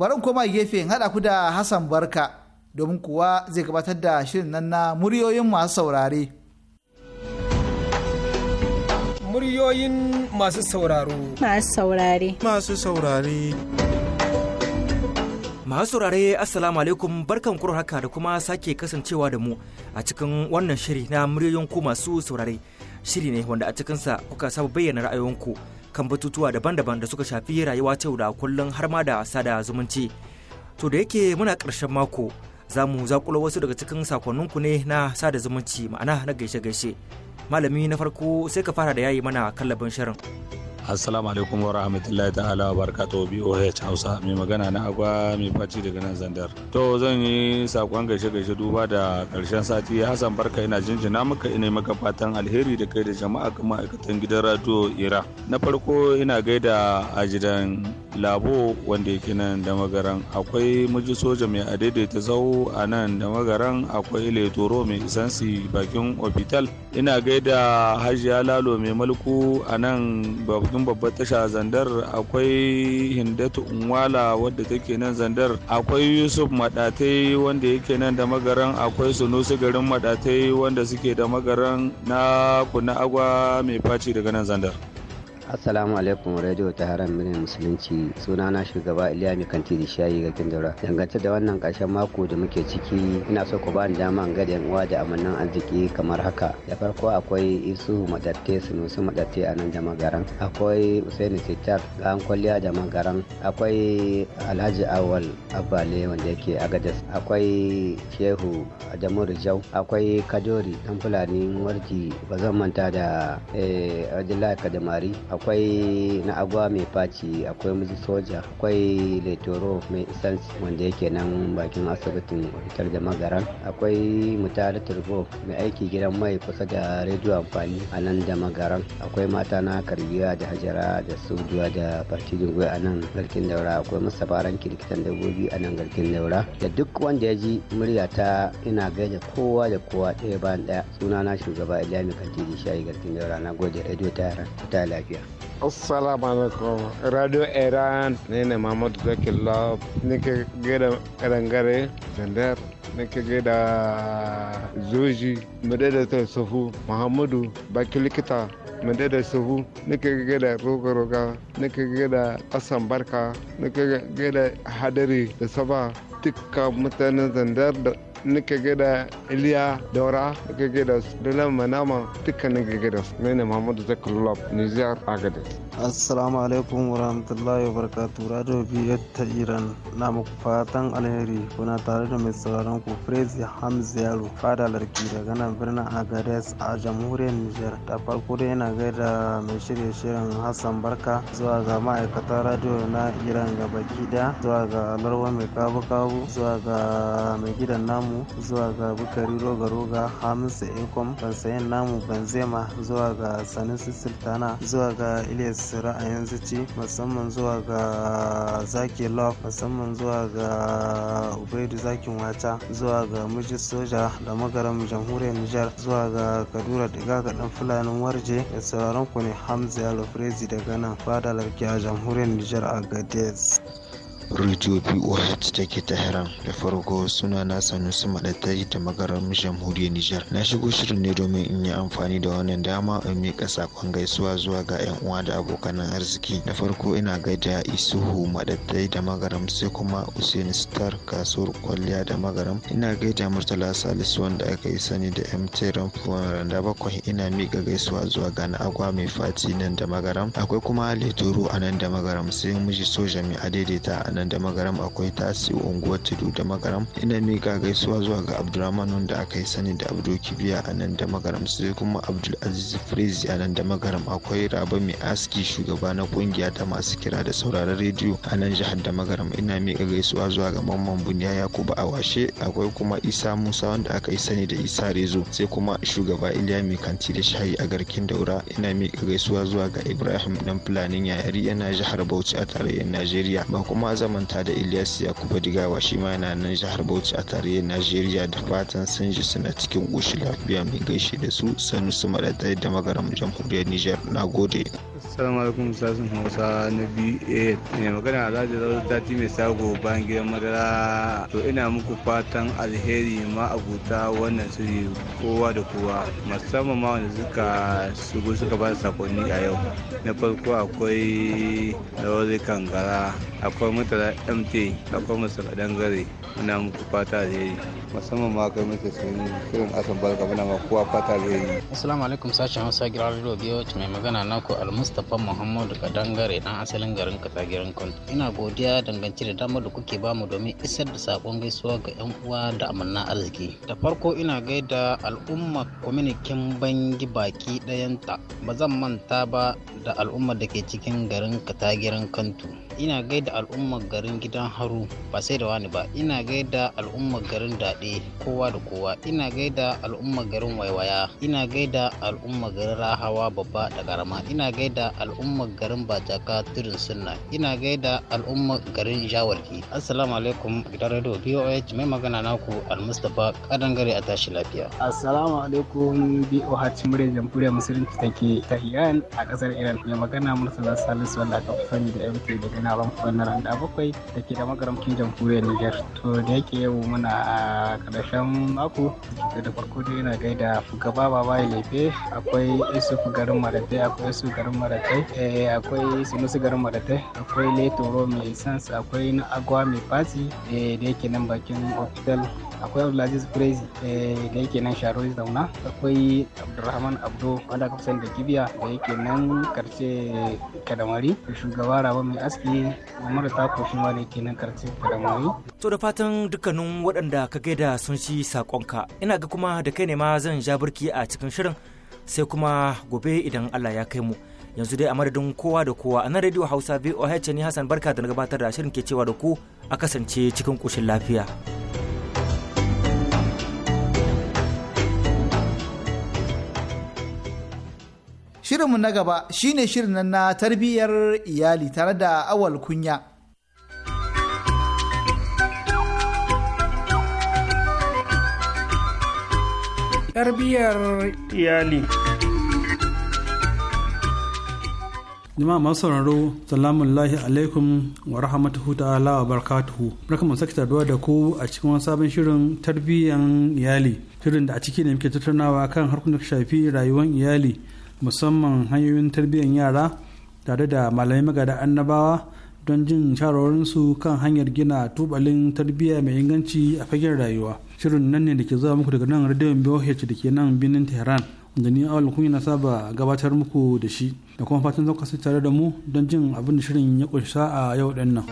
Barin koma gefe haɗa ku da Hassan Barka. domin kuwa zai gabatar da shirin nan na muryoyin masu saurare. Muryoyin masu sauraro. Masu saurare. Masu saurare. Masu saurare Assalamu alaikum barkan kuro haka da kuma sake kasancewa da mu a cikin wannan shiri na muryoyin ku masu saurare. Shiri ne wanda a cikinsa kuka saba bayyana ra'ayoyinku kan batutuwa daban-daban da suka shafi rayuwa ta da kullum har ma da sada zumunci. To da yake muna ƙarshen mako za mu zakulo wasu daga cikin sakonninku ne na sada zumunci ma'ana na gaishe-gaishe malami na farko sai ka fara da yayi mana kallabin shirin assalamu alaikum wa rahmatullahi ta'ala wa barakatuhu BOH Hausa mai magana na agwa mai faci daga nan zandar to zan yi sakon gaishe gaishe duba da karshen sati Hassan barka ina jinjina maka ina maka fatan alheri da kai da jama'a ga ma'aikatan gidan radio Ira na farko ina gaida gidan labo wanda yake nan da magaran akwai miji soja mai adaidaita zau a nan da magaran akwai letoro mai isansi bakin ofital ina gaida hajiya lalo mai mulku a nan bakin cikin babbar tasha zandar akwai hindatu unwala wadda take nan zandar akwai yusuf madatai wanda yake nan da magaran akwai sunusi garin madatai wanda suke da magaran na kuna agwa mai faci daga nan zandar assalamu alaikum radio ta haram mini musulunci suna na shugaba iliya mai kanti da shayi ga kindura dangance da wannan karshen mako da muke ciki ina so ku ba ni dama in gada uwa da amannan arziki kamar haka da farko akwai isu madatte sunusu madatte a nan da magaran akwai usaini sitar ga kwalliya da magaran akwai alhaji awal abale wanda yake agadas akwai shehu adamu rijau akwai kadori dan fulani warji ba manta da eh, abdullahi kadamari akwai na agwa mai faci akwai musu soja akwai letoro mai isans wanda yake nan bakin asibitin fitar da magaran akwai mutane turbo mai aiki gidan mai kusa da rediyo amfani a nan da magaran akwai mata na karbiya da hajara da sojuwa da fatidin gwai a nan garkin daura akwai masa baran kirkitan dabbobi a nan garkin daura da duk wanda ya ji murya ta ina gaida kowa da kowa ɗaya bayan ɗaya suna na shugaba ilami kantiri shayi garkin daura na gode rediyo ta yaran ta lafiya assalamu alaikum radio iran ne ne mahmud zaki love nake gaida karangare zandar nake gaida zoji ta Sufu. muhammadu baki likita madada sahu nake gaida roga roga nake gaida asan barka nake gaida hadari da saba dukkan mutanen zandar da nika gada iliya daura nika gada dalan manama duka nika gada su ne muhammadu zakarullah nijar agadez assalamu alaikum wa rahmatullahi wa barakatu. radio biyar ta iran na muku fatan alheri kuna tare da mai sauraron ku prezi hamza fada larki daga nan birnin agadez a jamhuriyar nijar da farko dai yana gaida mai shirya shirin hassan barka zuwa ga ma'aikata radio na iran baki daya zuwa ga larwa mai kabu kabu zuwa ga mai gidan namu namu zuwa ga bukari roga-roga hamisu ekom bansayen namu benzema zuwa ga sanusi sultana zuwa ga ilyas ra'ayin ci musamman zuwa ga zaki love musamman zuwa ga ubaidu zakin wata zuwa ga miji soja da magaram jamhuriyar nijar zuwa ga kadura diga ga dan fulanin warje da sauraron ku ne hamza yalo daga nan fadalar a jamhuriyar nijar a gades Radio BOH take Tehran da farko suna na Sanusi Madatai da magaran jamhuriyar Nijar. Na shigo shirin ne domin in yi amfani da wannan dama in miƙa sakon gaisuwa zuwa ga 'yan uwa da abokan arziki. Da farko ina gaida Isuhu Madatai da magaram sai kuma Usain Star kasuwar kwalliya da magaram. Ina gaida Murtala Salisu wanda aka yi sani da MT Ramfuwan Randa bakwai ina miƙa gaisuwa zuwa ga na agwa mai fati nan da magaram. Akwai kuma Leturu a nan da magaram sai miji soja mai adaidaita a nan nan da magaram akwai tasi unguwar tudu da magaram ina mika gaisuwa zuwa ga abdulrahman wanda aka yi sani da abdul kibiya a nan da magaram sai kuma abdul aziz firiz a nan da magaram akwai raba mai aski shugaba na kungiya ta masu kira da sauraron rediyo a nan jihar da magaram ina mika gaisuwa zuwa ga mamman buniya yakubu a washe akwai kuma isa musa wanda aka yi sani da isa rezo sai kuma shugaba iliya mai kanti da shayi a garkin daura ina mika gaisuwa zuwa ga ibrahim dan fulanin yayari yana jihar bauchi a tarayyar najeriya ba kuma zama manta da Ilyas Yakubu Digawa shi ma yana nan jihar Bauchi a tare Najeriya da fatan sun ji suna cikin ƙoshin lafiya mai gaishe da su su madadai da magaram jamhuriyar niger Na gode. Assalamu alaikum sasin Hausa na BA ne magana Alhaji Zawar Tati mai sago bayan gidan madara to ina muku fatan alheri ma abuta wannan shiri kowa da kowa musamman ma wanda suka shigo suka ba sakonni a yau na farko akwai lawari kankara akwai mutane Bala MT a musu kadan gare muna muku fata alheri musamman ma kai muke sun kiran asan barka muna ma kowa fata alheri. Assalamu alaikum sashen Hausa gidan Radio BOH mai magana naku Almustapha Muhammadu Kadangare dan asalin garin Katagirin Kont. Ina godiya dangance da damar da kuke bamu domin isar da sakon gaisuwa ga 'yan uwa da amanna arziki. Da farko ina gaida al'umma kwaminikin bangi baki dayanta, ba zan manta ba da al'ummar da ke cikin garin Katagirin Kantu. ina gaida al'ummar garin gidan haru ba sai da wani ba ina gaida al'ummar garin daɗe kowa da kowa ina gaida al'ummar garin waiwaya ina gaida al'ummar garin rahawa babba da ƙarama. ina gaida al'ummar garin bajaka turin sunna ina gaida al'ummar garin jawarki assalamu alaikum gidan radio boh mai magana naku almustapha kadangare a tashi lafiya assalamu alaikum boh murya jamhuriyar musulunci take ta iran a ƙasar iran mai magana murtala salisu wanda aka fi sani da mt daga ina ban wannan randa bakwai da ke da magaramcin jamhuriyar niger To da yake yau muna a ƙarshen mako da farko dai yana gaida fugaba baba lefe akwai isu garin maratai akwai isu garin maratai eh, akwai sinusu garin maratai akwai letoro mai sans akwai na agwa mai fasi eh, da yake nan bakin hospital akwai abdulaziz crazy eh, da yake nan sharo zauna akwai abdurrahman abdo wanda kafsan da kibiya da yake nan karshe kadamari shugaba rabon mai aski Sadi marasa kenan da To da fatan dukkanin waɗanda ka gaida sun shi saƙonka ina ga kuma da kai ne ma zan ja birki a cikin shirin sai kuma gobe idan Allah ya kai mu. Yanzu dai a madadin kowa da kowa a nan Radio Hausa VOH ne Hassan Barka da gabatar da shirin ke cewa da ku a kasance cikin koshin lafiya. Shirinmu na gaba shine shirin na tarbiyyar iyali tare da awal kunya. Tarbiyyar iyali. jama'a masu sauraro salamu lahi alaikum wa rahmatuhu ta'ala wa barakatuhu mu sake taduwa da ku a cikin wani sabon shirin tarbiyyan iyali shirin da a ciki ne muke tattaunawa kan harkokin shafi rayuwar iyali musamman hanyoyin tarbiyyar yara tare da malamai magada annabawa don jin shawarwarinsu kan hanyar gina tubalin tarbiyya mai inganci a fagen rayuwa shirin nan ne da ke zuwa muku daga nan radiyon boh da ke nan birnin tehran da ni awal kun na saba gabatar muku da shi da kuma fatan zaka tare da mu don jin abin da shirin ya kunsa a yau din nan.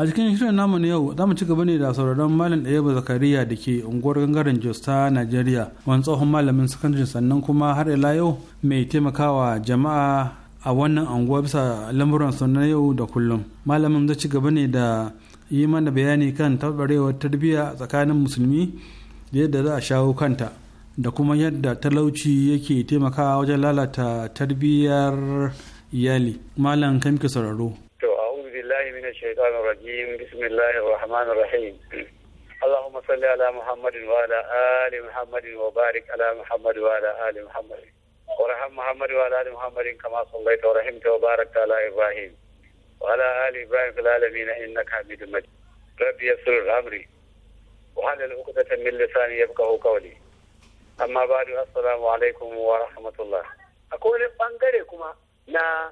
a cikin shirin namu na yau za mu ci gaba ne da sauraron malam ɗayaba zakariya da ke unguwar gangaren jos ta najeriya wani tsohon malamin sakandare sannan kuma har ila yau mai taimakawa jama'a a wannan anguwa bisa lamuran su na yau da kullum malamin zai ci gaba ne da yi mana bayani kan taɓarewar tarbiyya tsakanin musulmi da yadda za a shawo kanta da kuma yadda talauci yake taimakawa wajen lalata tarbiyyar iyali malam kamke sauraro من الشيطان الرجيم بسم الله الرحمن الرحيم اللهم صل على محمد وعلى آل محمد وبارك على محمد وعلى آل محمد ورحم محمد وعلى آل محمد كما صليت ورحمت وباركت على إبراهيم وعلى آل إبراهيم في العالمين إنك حميد مجيد ربي يسر أمري وهذا العقدة من لساني يبقه قولي أما بعد السلام عليكم ورحمة الله أقول بانغري كما na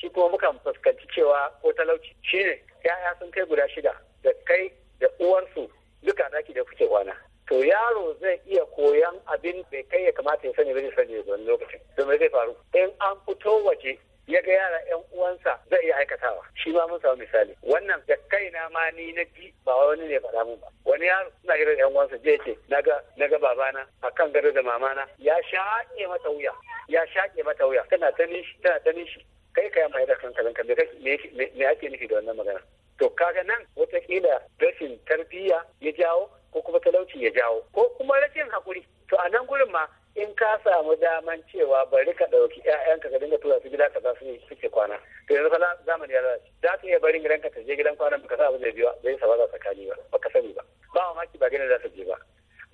shi kuma muka fuskanci cewa ko talauci shi ne ya'ya sun kai guda shida da kai da uwarsu duka daki da kuke kwana to yaro zai iya koyan abin bai kai ya kamata ya sani bane sani wani lokacin domin zai faru in an fito waje ya ga yara yan uwansa zai iya aikatawa shi ma mun samu misali wannan da kaina ma ni na ji ba wani ne faɗa mun ba wani yaro suna irin yan uwansa je ce naga naga babana akan gado da mamana ya shaƙe mata wuya ya shaƙe mata wuya tana ta shi tana ta nishi kai ka mai da hankalin ka me ake nufi da wannan magana to kaga nan watakila rashin tarbiyya ya jawo ko kuma talauci ya jawo ko kuma rashin hakuri to a nan gurin ma in ka samu daman cewa bari ka ɗauki ƴaƴanka ka dinga tura su gida ka za su yi suke kwana to yanzu fa zamani ya lalace za su iya barin gidanka ta je gidan kwana ka sa abin da biyu bai sa ba za tsakani ba ka sani ba ba mamaki ba gidan za ta je ba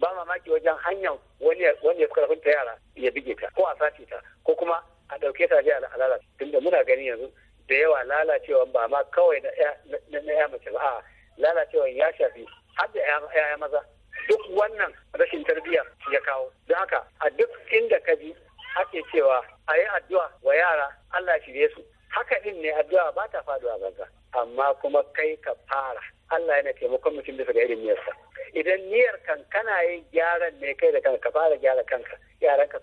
ba mamaki wajen hanyar wani ya fi karfin ta yara ya bige ta ko a sace ta ko kuma a ɗauke ta je a da muna gani yanzu da yawa lalacewa ba ma kawai na ya mace ba a lalacewan ya shafi har da ya maza duk wannan rashin tarbiyya ya kawo don haka a duk inda ka ji ake cewa a yi addu'a wa yara Allah shirye su haka din ne addu'a ba ta faduwa banza amma kuma kai ka fara Allah yana taimakon mutum bisa ga irin niyyarsa idan niyyar kan kana yin gyaran ne kai da kanka ka fara gyara kanka yaran ka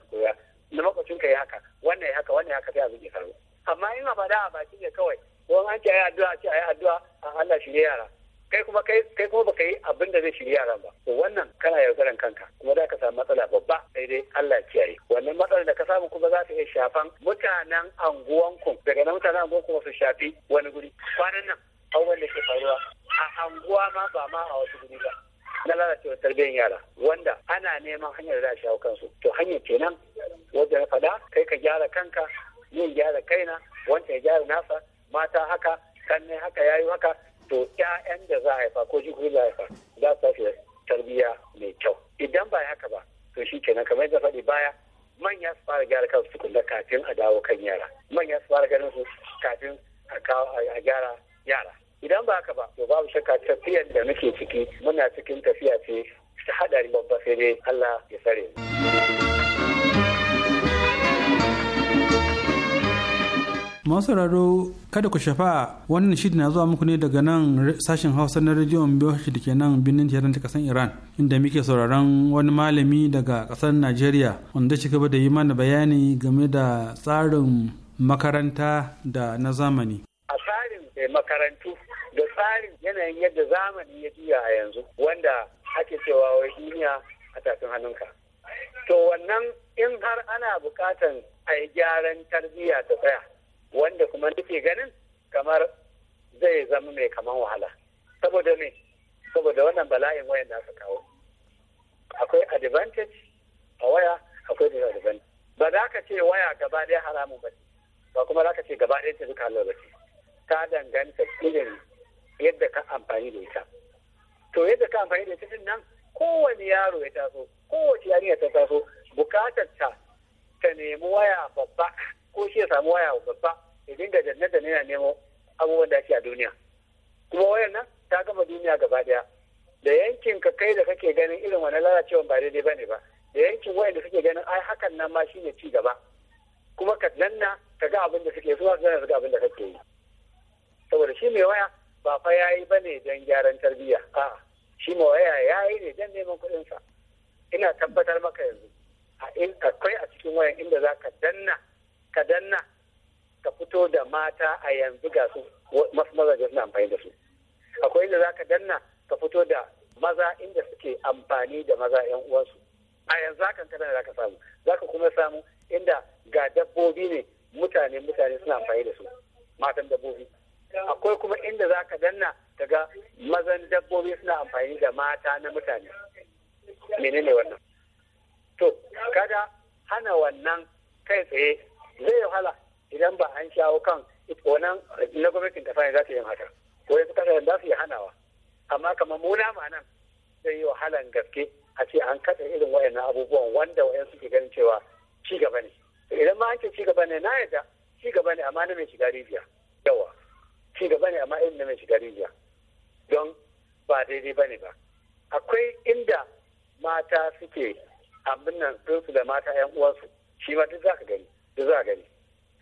sauraro kada ku shafa wannan shiri na zuwa muku ne daga nan sashen hausa na rediyon biyoshi da ke nan birnin tehran ta kasan iran inda muke sauraron wani malami daga kasar najeriya wanda shi gaba da yi mana bayani game da tsarin makaranta da na zamani a tsarin makarantu da tsarin yanayin yadda zamani ya juya a yanzu wanda ake cewa wai duniya a tafin hannunka to wannan in har ana bukatan a yi gyaran tarbiyya ta tsaya wanda kuma nufi ganin kamar zai zama mai kaman wahala saboda ne, saboda wannan bala'in wayan da aka kawo akwai advantage a waya akwai disadvantage ba za ka ce waya gaba ɗaya haramun ba ba kuma za ka ce gaba ɗaya ta duka halal ba ta danganta irin yadda ka amfani da ita to yadda ka amfani da ita din nan kowane yaro ya taso kowace yarinya ta taso bukatar ta ta nemi waya babba ko shi ya samu waya babba ya dinga danne da yana nemo abubuwan da ake a duniya kuma wayan nan ta gama duniya gaba daya da yankin ka kai da kake ganin irin wani lalacewa ba daidai bane ba da yankin wayan da suke ganin ai hakan nan ma shine ci gaba kuma ka danna ka ga abin da suke zuwa su ga abin da kake yi saboda shi mai waya ba fa yayi bane don gyaran tarbiyya a'a shi mai waya yayi ne don neman kuɗinsa ina tabbatar maka yanzu akwai a cikin wayan inda za ka danna ka danna ka fito da mata a yanzu ga su masu da suna amfani da su akwai inda za ka danna ka fito da maza inda suke amfani da maza yan uwansu a yanzu hakan kana za ka samu za ka kuma samu inda ga dabbobi ne mutane mutane suna amfani da su matan dabbobi akwai kuma inda za ka danna ka ga mazan dabbobi suna amfani da mata na mutane menene wannan to kada hana wannan kai tsaye zai yi wahala idan ba an shawo kan wannan na gwamnatin kasa ne za ta yi haka ko ya kasa za su yi hanawa amma kamar muna ma nan zai yi wahalan gaske a ce an kada irin wayannan abubuwan wanda wayan suke ganin cewa ci gaba ne idan ma an ce ci gaba ne na yadda ci gaba ne amma na mai shiga rijiya yawa ci gaba ne amma irin na mai shiga rijiya don ba daidai ba ne ba akwai inda mata suke abin nan su da mata yan uwansu shi ma duk za ka gani da za a gani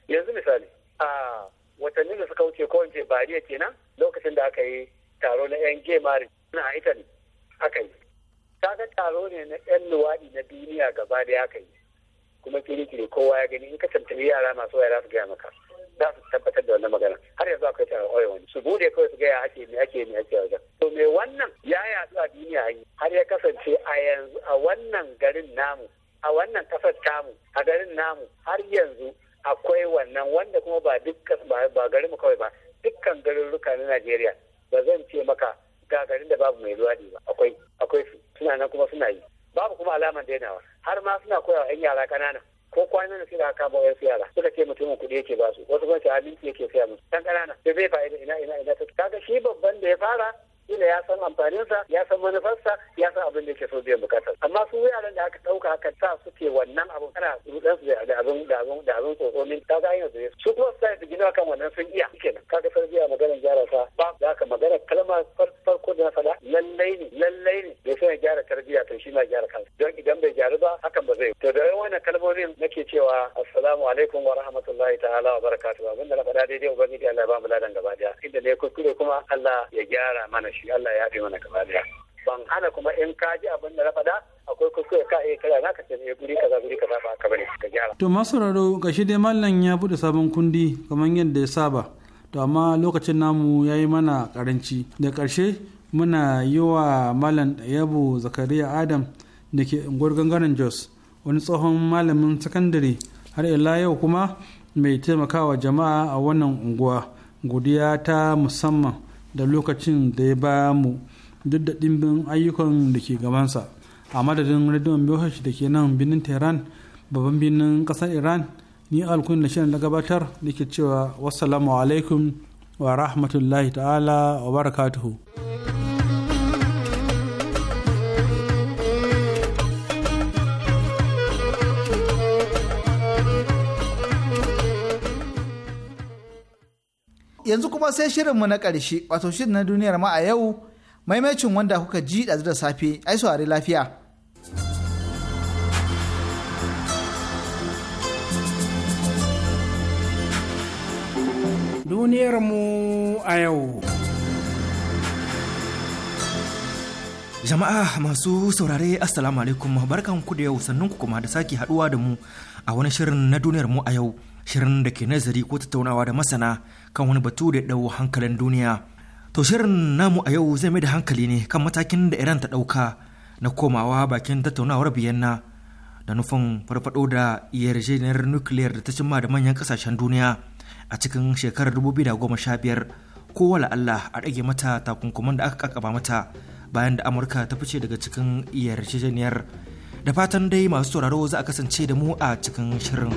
yanzu misali a watanni da suka wuce ko in ce bariya kenan lokacin da aka yi taro na yan gemari na itali aka yi ta ga taro ne na yan luwaɗi na duniya gaba da ya kai. kuma kiri-kiri kowa ya gani in ka tantali yara masu waya su gaya maka za su tabbatar da wannan magana har yanzu akwai taro oil wani su bude kawai su gaya ake me ake me ake wajen to me wannan ya yatsu a duniya har ya kasance a yanzu a wannan garin namu a wannan kasar tamu a garin namu har yanzu akwai wannan wanda kuma ba dukkan ba garinmu kawai ba dukkan garuruka na Najeriya ba zan ce maka ga garin da babu mai ruwa ba akwai akwai su suna nan kuma suna yi babu kuma alaman dainawa har ma suna koyawa 'yan yara ƙanana ko kwanan da suka kama su yara suka ce mutumin kuɗi yake ba su wasu kuma ce aminci yake siya musu dan kanana da zai fa'ida ina ina ina ta kaga shi babban da ya fara kila ya san amfaninsa ya san manufarsa ya san abin da yake so biyan bukatar amma su yaran da aka ɗauka aka sa suke wannan abu ana rudan su da abin da abin da abin tsotsomin ta ga yanzu su kuma su gina kan wannan sun iya kenan kaga sarbiya magana gyara sa ba za ka magana kalma farko da na faɗa lallai ne lallai ne bai sai gyara tarbiyya to shi ma gyara kansa don idan bai gyaru ba hakan ba zai to da wannan kalmomin nake cewa assalamu alaikum wa rahmatullahi ta'ala wa barakatuh abinda na faɗa daidai ubangiji Allah ya ba mu ladan gaba daya inda ne kuskure kuma Allah ya gyara mana shi Allah ya yaɗe mana gaba daya ban hana kuma in ka ji abin da na faɗa akwai kuskure ka iya kira na ka ce ne eh, guri kaza guri kaza ba ka bane ka gyara to raro gashi dai mallan ya buɗe sabon kundi kamar yadda ya saba to amma lokacin namu ya yi mana karanci da ƙarshe muna yi wa malam yabo zakariya adam da ke unguwar gangaren jos wani tsohon malamin sakandare har ila yau kuma mai taimakawa jama'a a wannan unguwa godiya ta musamman da lokacin da ya baya mu duk da ɗimbin ayyukan da ke gabansa a madadin rediyon BOH da ke nan birnin Tehran babban birnin ƙasar Iran ni alkun da shirin na gabatar da ke cewa wasu alaikum wa rahmatullahi ta'ala wa barakatuhu. yanzu kuma sai shirinmu na ƙarshe wato shirin na duniyar ma a yau maimacin wanda kuka ji ɗazu da safe ai saurari lafiya. Duniyarmu a yau. Jama'a masu saurare Assalamu alaikum barkan ku da yau sannunku kuma da sake haɗuwa da mu a wani shirin na duniyarmu a yau shirin da ke nazari ko tattaunawa da masana kan wani batu da ya ɗau hankalin duniya. To shirin namu a yau zai mai da hankali ne kan matakin da Iran ta ɗauka na komawa bakin tattaunawar Biyanna da nufin farfaɗo da yarjejeniyar nukiliyar da ta cimma da manyan ƙasashen duniya a cikin shekarar da goma sha biyar wala Allah a ɗage mata takunkuman da aka kakaba mata bayan da Amurka ta fice daga cikin yarjejeniyar da fatan dai masu sauraro za a kasance da mu a cikin shirin.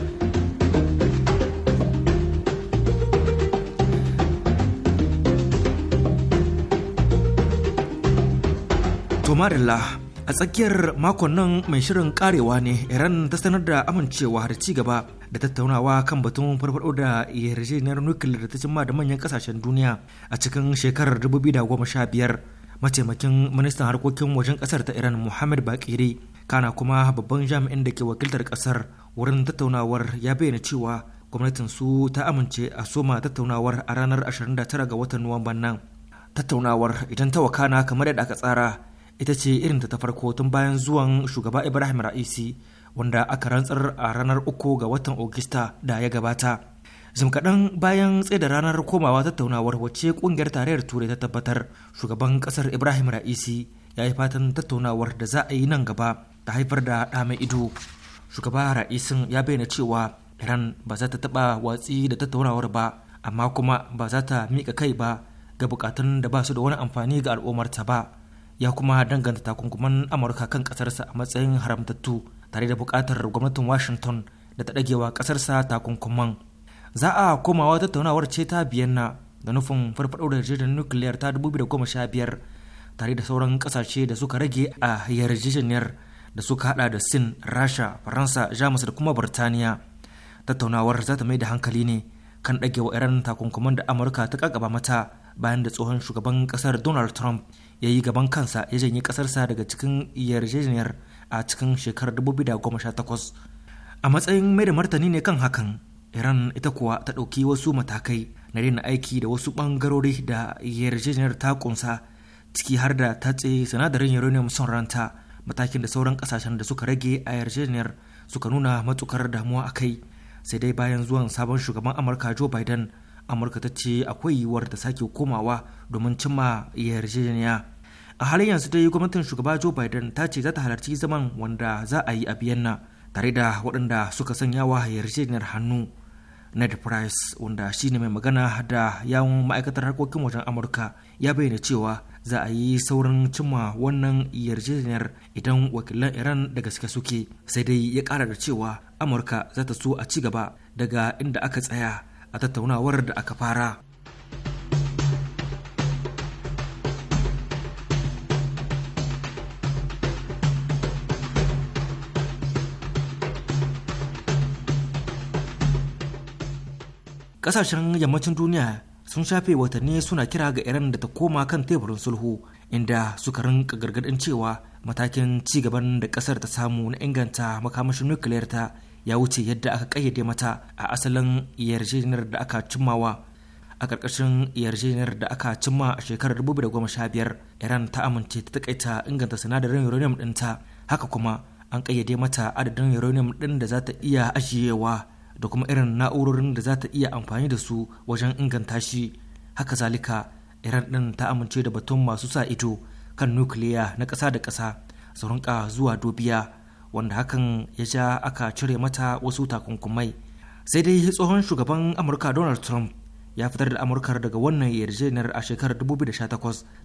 To Marilla, a tsakiyar makon nan mai shirin karewa ne Iran ta sanar da amincewa da ci gaba da tattaunawa kan batun farfado da yarjejeniyar nukiliyar da ta cimma da manyan kasashen duniya a cikin shekarar 2015 mataimakin ministan harkokin wajen kasar ta Iran Muhammad Bakiri kana kuma babban jami'in da ke wakiltar kasar wurin tattaunawar ya bayyana cewa gwamnatin su ta amince a soma tattaunawar a ranar 29 ga watan Nuwamban nan tattaunawar idan ta wakana kamar yadda aka tsara ita ce irinta ta farko tun bayan zuwan shugaba ibrahim ra'isi wanda aka rantsar a ranar uku ga watan ogista da ya gabata jim kaɗan bayan tsaye da ranar komawa tattaunawar wacce ƙungiyar tarayyar turai ta tabbatar shugaban ƙasar ibrahim ra'isi ya yi fatan tattaunawar da za a yi nan gaba ta haifar da ɗa mai ido shugaba ra'isin ya bayyana cewa iran ba za ta taɓa watsi da tattaunawar ba amma kuma ba za ta miƙa kai ba ga bukatun da ba su da wani amfani ga al'ummarta ba ya kuma danganta takunkuman amurka kan kasarsa a matsayin haramtattu tare da bukatar gwamnatin washington da ta dagewa kasarsa takunkuman za a komawa tattaunawar ce ta biyanna da nufin farfaɗo da jirgin nukiliyar ta 2015 tare da sauran kasashe da suka rage a yarjejeniyar da suka hada da sin rasha faransa jamus da kuma birtaniya tattaunawar za ta mai da hankali ne kan dagewa iran takunkuman da amurka ta kakaba mata bayan da tsohon shugaban kasar donald trump ya yi gaban kansa ya janye kasarsa daga cikin yarjejeniyar a cikin shekarar 2018 a matsayin mai da martani ne kan hakan iran ita kuwa ta ɗauki wasu matakai na daina aiki da wasu bangarori da yarjejeniyar ta kunsa ciki har da ta tse sinadarin uranium son ranta matakin da sauran kasashen da suka rage a yarjejeniyar suka nuna matukar damuwa a kai sai dai bayan zuwan sabon shugaban amurka joe biden amurka ta ce akwai yiwuwar ta sake komawa domin cimma yarjejeniya a halin yanzu dai gwamnatin shugaba joe biden ta ce za ta halarci zaman wanda za a yi a biyanna tare da waɗanda suka sanya wa yarjejeniyar hannu ned price wanda shi ne mai magana da yawon ma'aikatar harkokin wajen amurka ya bayyana cewa za a yi saurin cimma wannan yarjejeniyar idan wakilan iran daga gaske suke sai dai ya kara da cewa amurka za ta so a ci gaba daga inda aka tsaya a tattaunawar da aka fara ƙasashen yammacin duniya sun shafe watanni suna kira ga iran da ta koma kan teburin sulhu inda suka rinka gargadin cewa matakin ci gaban da ƙasar ta samu na inganta makamashin nukiliyar ya wuce yadda aka kayyade mata a asalin yarjejeniyar da aka cimmawa a ƙarƙashin yarjejeniyar da aka cimma a shekarar 2015 iran ta amince ta takaita inganta sinadarin uranium ɗinta haka kuma an kayyade mata adadin uranium ɗin da za ta iya ajiyewa da kuma irin na'urorin da za ta iya amfani da su wajen inganta shi haka zalika iran ɗin ta amince da batun masu sa ido kan nukiliya na ƙasa da ƙasa su rinka zuwa dubiya wanda hakan ya ja aka cire mata wasu takunkumai sai dai tsohon shugaban amurka donald trump ya fitar da amurkar daga wannan yarjejeniyar a shekarar 2018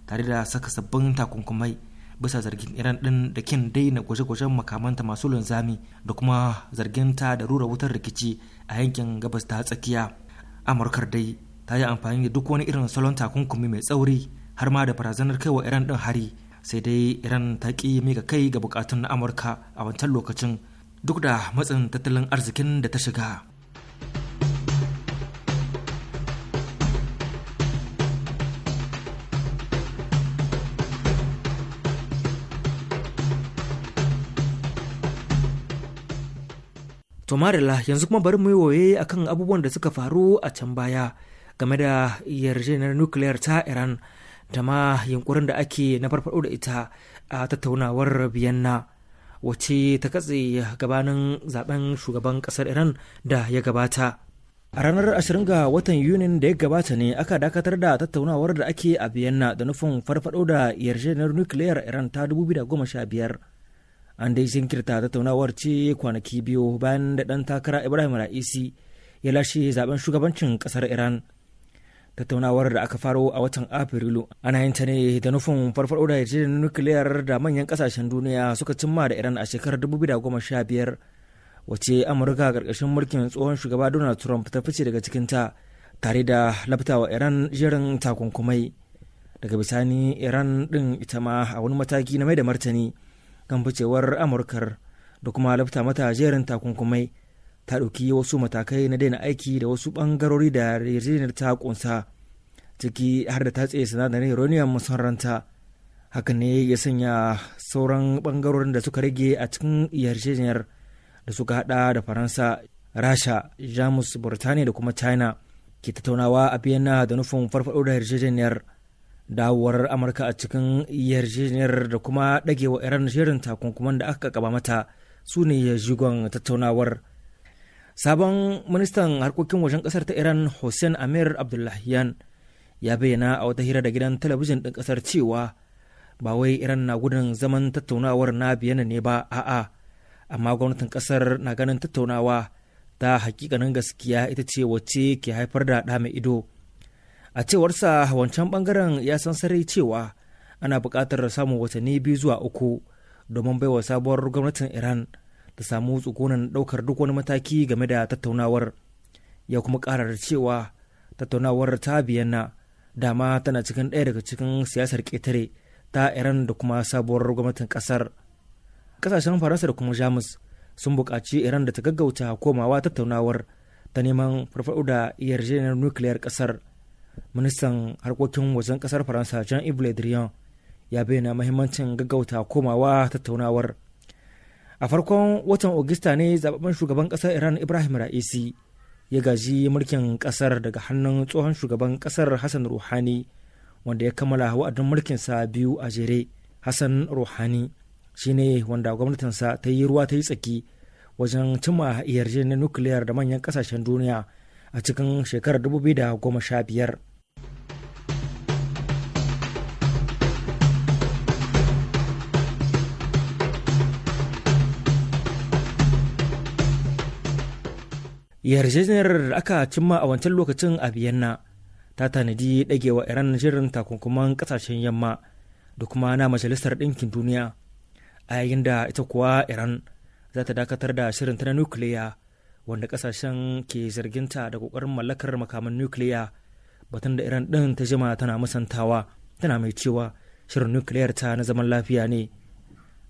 tare da saka sabbin takunkumai bisa zargin iran din da kin daina gwaje-gwajen makamanta masu linzami da kuma zargin ta da rura wutar rikici a yankin gabas ta tsakiya amurkar dai ta yi amfani da duk wani irin salon takunkumi mai tsauri har ma da barazanar kaiwa iran din hari sai dai iran ta ƙi mika kai ga bukatun amurka a wancan lokacin duk da matsin tattalin arzikin da ta shiga To yanzu kuma bari mu yi akan abubuwan da suka faru a can baya game da yarjejeniyar nukiliyar ta Iran da ma yunkurin da ake na farfado da ita a tattaunawar biyanna wace ta katse gabanin zaben shugaban kasar iran da ya gabata a ranar 20 ga watan yunin da ya gabata ne aka dakatar da tattaunawar da ake a biyanna da nufin farfado da yarjejeniyar nukiliyar iran ta 2015 an dai jinkirta tattaunawar ce kwanaki biyu bayan da ɗan takara ibrahim ra'isi ya lashe zaben shugabancin ƙasar iran tattaunawar da aka faro a watan afrilu ana yin ta ne da nufin farfaɗo da yarjejeniyar nukiliyar da manyan kasashen duniya suka cimma da iran a shekarar 2015 wace amurka karkashin mulkin tsohon shugaba donald trump ta fice daga ta tare da laftawa iran jerin takunkumai daga bisani iran din ita ma a wani mataki na mai da martani kan ficewar amurkar da kuma lafta mata jerin takunkumai ta ɗauki wasu matakai na daina aiki da wasu ɓangarori da yarjejeniyar ta ƙunsa ciki har da ta tsaye sinadarin uranium masaranta hakan ne ya sanya sauran ɓangarorin da suka rage a cikin yarjejeniyar da suka hada da faransa rasha jamus burtaniya da kuma china ke tattaunawa a vienna da nufin farfaɗo da yarjejeniyar dawowar amurka a cikin yarjejeniyar da kuma ɗagewa iran shirin takunkuman da aka kaba mata su ne jigon tattaunawar sabon ministan harkokin wajen kasar ta iran hussein amir abdullahiyan ya bayyana a wata hira da gidan talabijin ɗin ƙasar cewa ba wai iran na gudun zaman tattaunawar na biyana ne ba a'a amma gwamnatin ƙasar na ganin tattaunawa ta hakikanin gaskiya ita ce wacce ke haifar da ɗa mai ido a cewarsa wancan bangaren ya san sarai cewa ana buƙatar samun watanni biyu zuwa uku domin baiwa sabuwar gwamnatin iran ta samu tsugunan ɗaukar duk wani mataki game da tattaunawar ya kuma karar da cewa tattaunawar ta biyanna dama tana cikin ɗaya daga cikin siyasar ƙetare ta iran da kuma sabuwar gwamnatin ƙasar ƙasashen faransa da kuma jamus sun buƙaci iran da ta gaggauta komawa tattaunawar ta neman farfaɗo da yarjejeniyar nukiliyar ƙasar ministan harkokin wajen ƙasar faransa jean yves le drian ya bayyana mahimmancin gaggauta komawa tattaunawar a farkon watan Ogista ne zababben shugaban kasar Iran Ibrahim Ra'isi ya gaji mulkin kasar daga hannun tsohon shugaban kasar Hassan ruhani wanda ya kammala wa'adin mulkinsa biyu a jere. Hassan ruhani shi ne wanda gwamnatinsa ta yi ruwa ta yi tsaki wajen cimma yarjejeniyar nukiliyar da manyan kasashen duniya a cikin shekarar 2015. yarjejeniyar da aka cimma a wancan lokacin a vienna ta tanadi dagewa iran shirin takunkuman kasashen yamma da kuma na majalisar ɗinkin duniya a yayin da ita kuwa iran za ta dakatar da shirin ta na nukiliya wanda kasashen ke zarginta da kokarin mallakar makaman nukiliya batun da iran ɗin ta jima tana musantawa tana mai cewa shirin nukiliyar ta na zaman lafiya ne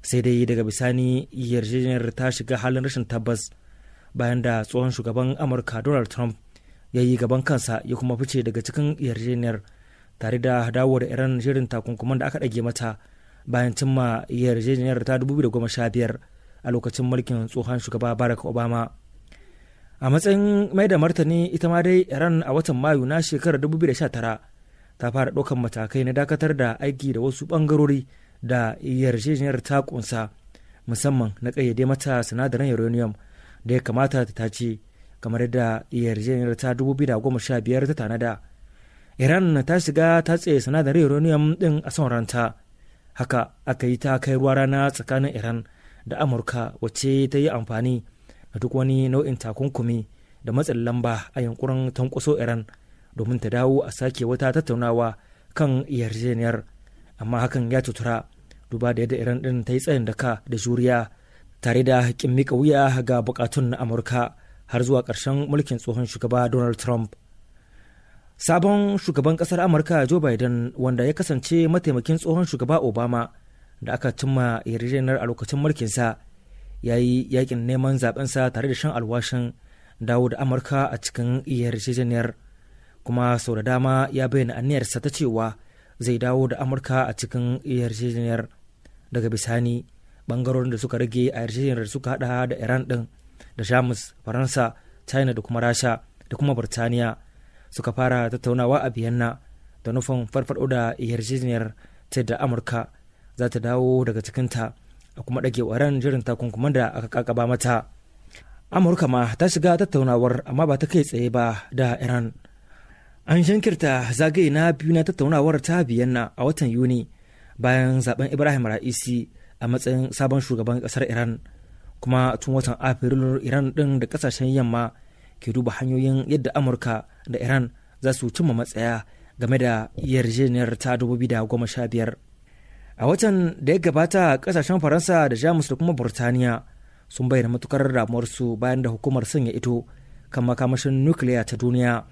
sai dai daga bisani yarjejeniyar ta shiga halin rashin tabbas bayan da tsohon shugaban amurka donald trump ya yi gaban kansa ya kuma fice daga cikin yarjejeniyar tare da dawowar iran shirin takunkuman da aka ɗage mata bayan cimma yarjejeniyar ta 2015 a lokacin mulkin tsohon shugaba barack obama a matsayin mai da martani ita ma dai iran a watan mayu na shekarar 2019 ta fara ɗaukar matakai na dakatar da aiki da wasu ɓangarori da yarjejeniyar ta ƙunsa musamman na ƙayyade mata sinadarin uranium da ya kamata ta tace kamar yadda yarjejeniyar ta biyar ta tanada iran ta shiga ta tsaye sinadarin uranium din a son ranta haka aka yi ta kai ruwa rana tsakanin iran da amurka wacce ta yi amfani da duk wani nau'in takunkumi da matsin lamba a yankunan tankwaso iran domin ta dawo a sake wata tattaunawa kan yarjejeniyar amma hakan ya tutura duba da yadda iran din ta yi tsayin daka da juriya tare da haƙƙin mika wuya ga buƙatun na amurka har zuwa ƙarshen mulkin tsohon shugaba donald trump sabon shugaban ƙasar amurka joe biden wanda ya kasance mataimakin tsohon shugaba obama da aka cimma yarjejeniyar a lokacin mulkinsa ya yi yakin neman zaɓensa tare da shan alwashin dawo da amurka a cikin yarjejeniyar kuma sau da dama ya bayyana aniyarsa ta cewa zai dawo da amurka a cikin yarjejeniyar daga bisani bangarorin da suka rage a yarjejeniyar da suka hada da iran din da jamus faransa china da kuma rasha da kuma birtaniya suka fara tattaunawa a biyanna da nufin farfado da yarjejeniyar ta da amurka za ta dawo daga cikinta a kuma ɗage waran jirin takunkuman da aka kakaba mata amurka ma ta shiga tattaunawar amma ba ta kai tsaye ba da iran an shankirta zagaye na biyu na tattaunawar ta biyanna a watan yuni bayan zaben ibrahim ra'isi a matsayin sabon shugaban kasar iran kuma tun watan afrilu iran din da kasashen yamma ke duba hanyoyin yadda amurka da iran za su cimma matsaya game da yarjejeniyar ta sha-biyar. a watan da ya gabata kasashen faransa da jamus da kuma burtaniya sun bayyana matukar damuwarsu bayan da hukumar sanya ito kan makamashin nukiliya ta duniya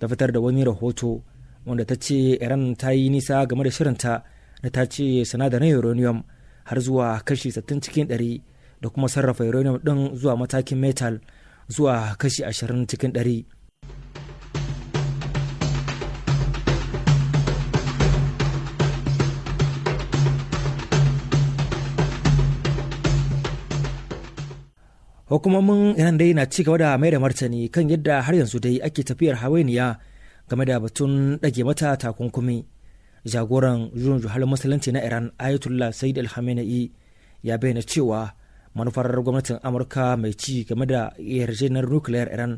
da fitar da wani rahoto wanda ta ce iran ta yi nisa game da shirinta da ta ce sinadarin uranium har zuwa kashi 60 cikin 100 da kuma sarrafa uranium din zuwa matakin metal zuwa kashi 20 cikin 100. hukumomin iran dai na ci gaba da mai da martani kan yadda har yanzu dai ake tafiyar hawainiya game da batun dage mata takunkumi jagoran juyin juhal musulunci na iran ayatollah said al khamenei ya bayyana cewa manufar gwamnatin amurka mai ci game da yarjejeniyar nukiliyar iran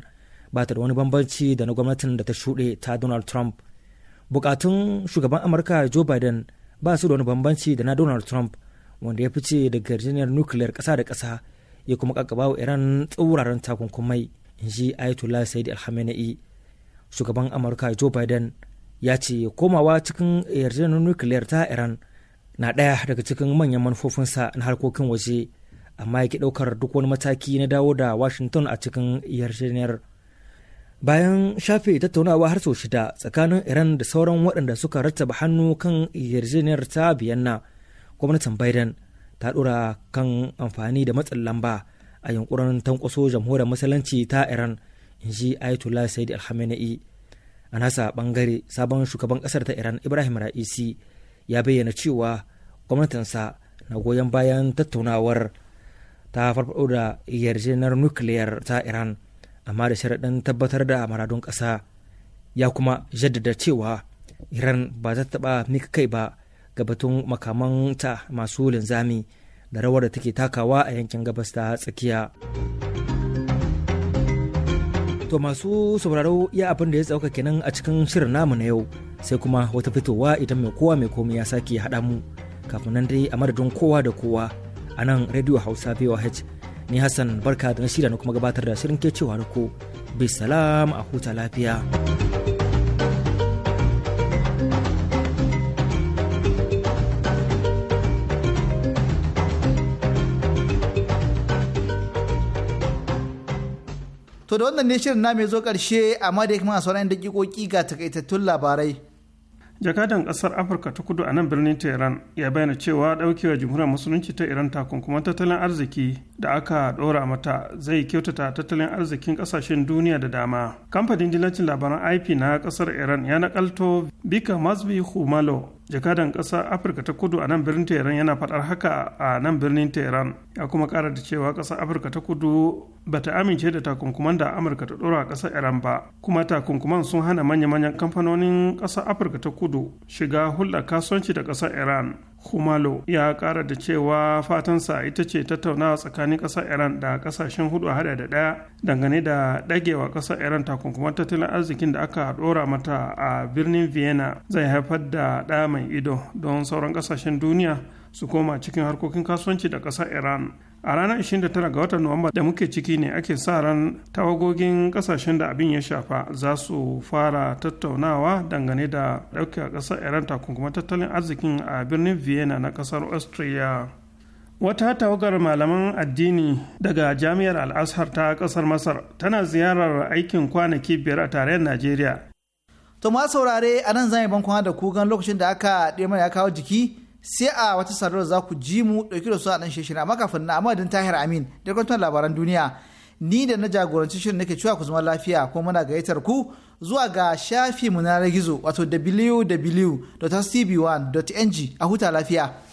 ba ta da wani bambanci da na gwamnatin da ta shuɗe ta donald trump bukatun shugaban amurka joe biden ba su da wani bambanci da na donald trump wanda ya fice daga yarjejeniyar nukiliyar ƙasa da ƙasa ya kuma kakaba wa iran tsauraran takunkumai in ji ayatollah sayyid al khamenei shugaban amurka joe biden ya ce komawa cikin yarjejeniyar nukiliyar ta iran na ɗaya daga cikin manyan manufofinsa na harkokin waje amma yake ɗaukar duk wani mataki na dawo da washington a cikin yarjejeniyar bayan shafe tattaunawa har sau shida tsakanin iran da sauran waɗanda suka rattaba hannu kan yarjejeniyar ta biyanna gwamnatin biden ta ɗora kan amfani da matsin lamba a yunkurin tankwaso jamhuriyar musulunci ta iran in ji ayatollah said al a nasa bangare sabon shugaban kasar ta iran ibrahim ra'isi ya bayyana cewa gwamnatinsa na goyon bayan tattaunawar ta farfado da yarjejeniyar nukiliyar ta iran amma da sharaɗin tabbatar da maradun ƙasa ya kuma jaddada cewa iran ba za ta taɓa mika kai ba ga batun makamanta masu linzami da rawar da take takawa a yankin gabas ta tsakiya. To masu sauraro iya abin da ya tsauka kenan a cikin shirin namu na yau sai kuma wata fitowa idan mai kowa mai komai ya sake haɗa mu kafin nan dai a madadin kowa da kowa a nan Radio Hausa VOH ni Hassan barka da na shirya na kuma gabatar da shirin ke cewa da ku bisalam a huta lafiya. to da wannan ne shirin na mai zo karshe amma da kuma sauran dakikoki ga takaitattun labarai jakadan kasar afirka ta kudu a nan birnin tehran ya bayyana cewa daukewa jimhuriyar musulunci ta iran takunkuman tattalin arziki da aka dora mata zai kyautata tattalin arzikin kasashen duniya da dama kamfanin dillacin labaran ip na kasar iran ya nakalto bika masbi humalo jakadan ƙasar afirka ta kudu a nan birnin teheran yana faɗar haka a nan birnin tehran ya kuma ƙara da cewa ƙasar afirka ta kudu ba ta amince da takunkuman da amurka ta ɗora a ƙasar iran ba kuma takunkuman sun hana manya-manyan kamfanonin ƙasar afirka ta kudu shiga hulɗar kasuwanci da ƙasar iran Kumalo ya kara da cewa fatansa ita ce tattaunawa tsakanin ƙasar Iran da ƙasashen hudu a hada da ɗaya dangane da ɗagewa ƙasar Iran takunkuman tattalin arzikin da aka ɗora mata a birnin Vienna zai haifar da ɗaya mai ido don sauran ƙasashen duniya su koma cikin harkokin kasuwanci da ƙasar Iran. a ranar 29 ga watan nuwamba da muke ciki ne ake sa ran tawagogin kasashen da abin ya shafa za su fara tattaunawa dangane da ɗauke a ƙasar iran takunkuma tattalin arzikin a birnin vienna na ƙasar austria wata tawagar malaman addini daga jami'ar al'ashar ta ƙasar masar tana ziyarar aikin kwanaki biyar a tarayyar najeriya to ma saurare a nan zan yi bankon da kugan lokacin da aka ɗema ya kawo jiki sai a wata sarar za ku ji mu ɗauki da su a ɗan shirin amma kafin na amma tahir amin da kwanton labaran duniya ni da na jagoranci shirin nake cewa ku zama lafiya kuma muna gayyatar ku zuwa ga shafi mu na gizo wato www.tv1.ng a huta lafiya.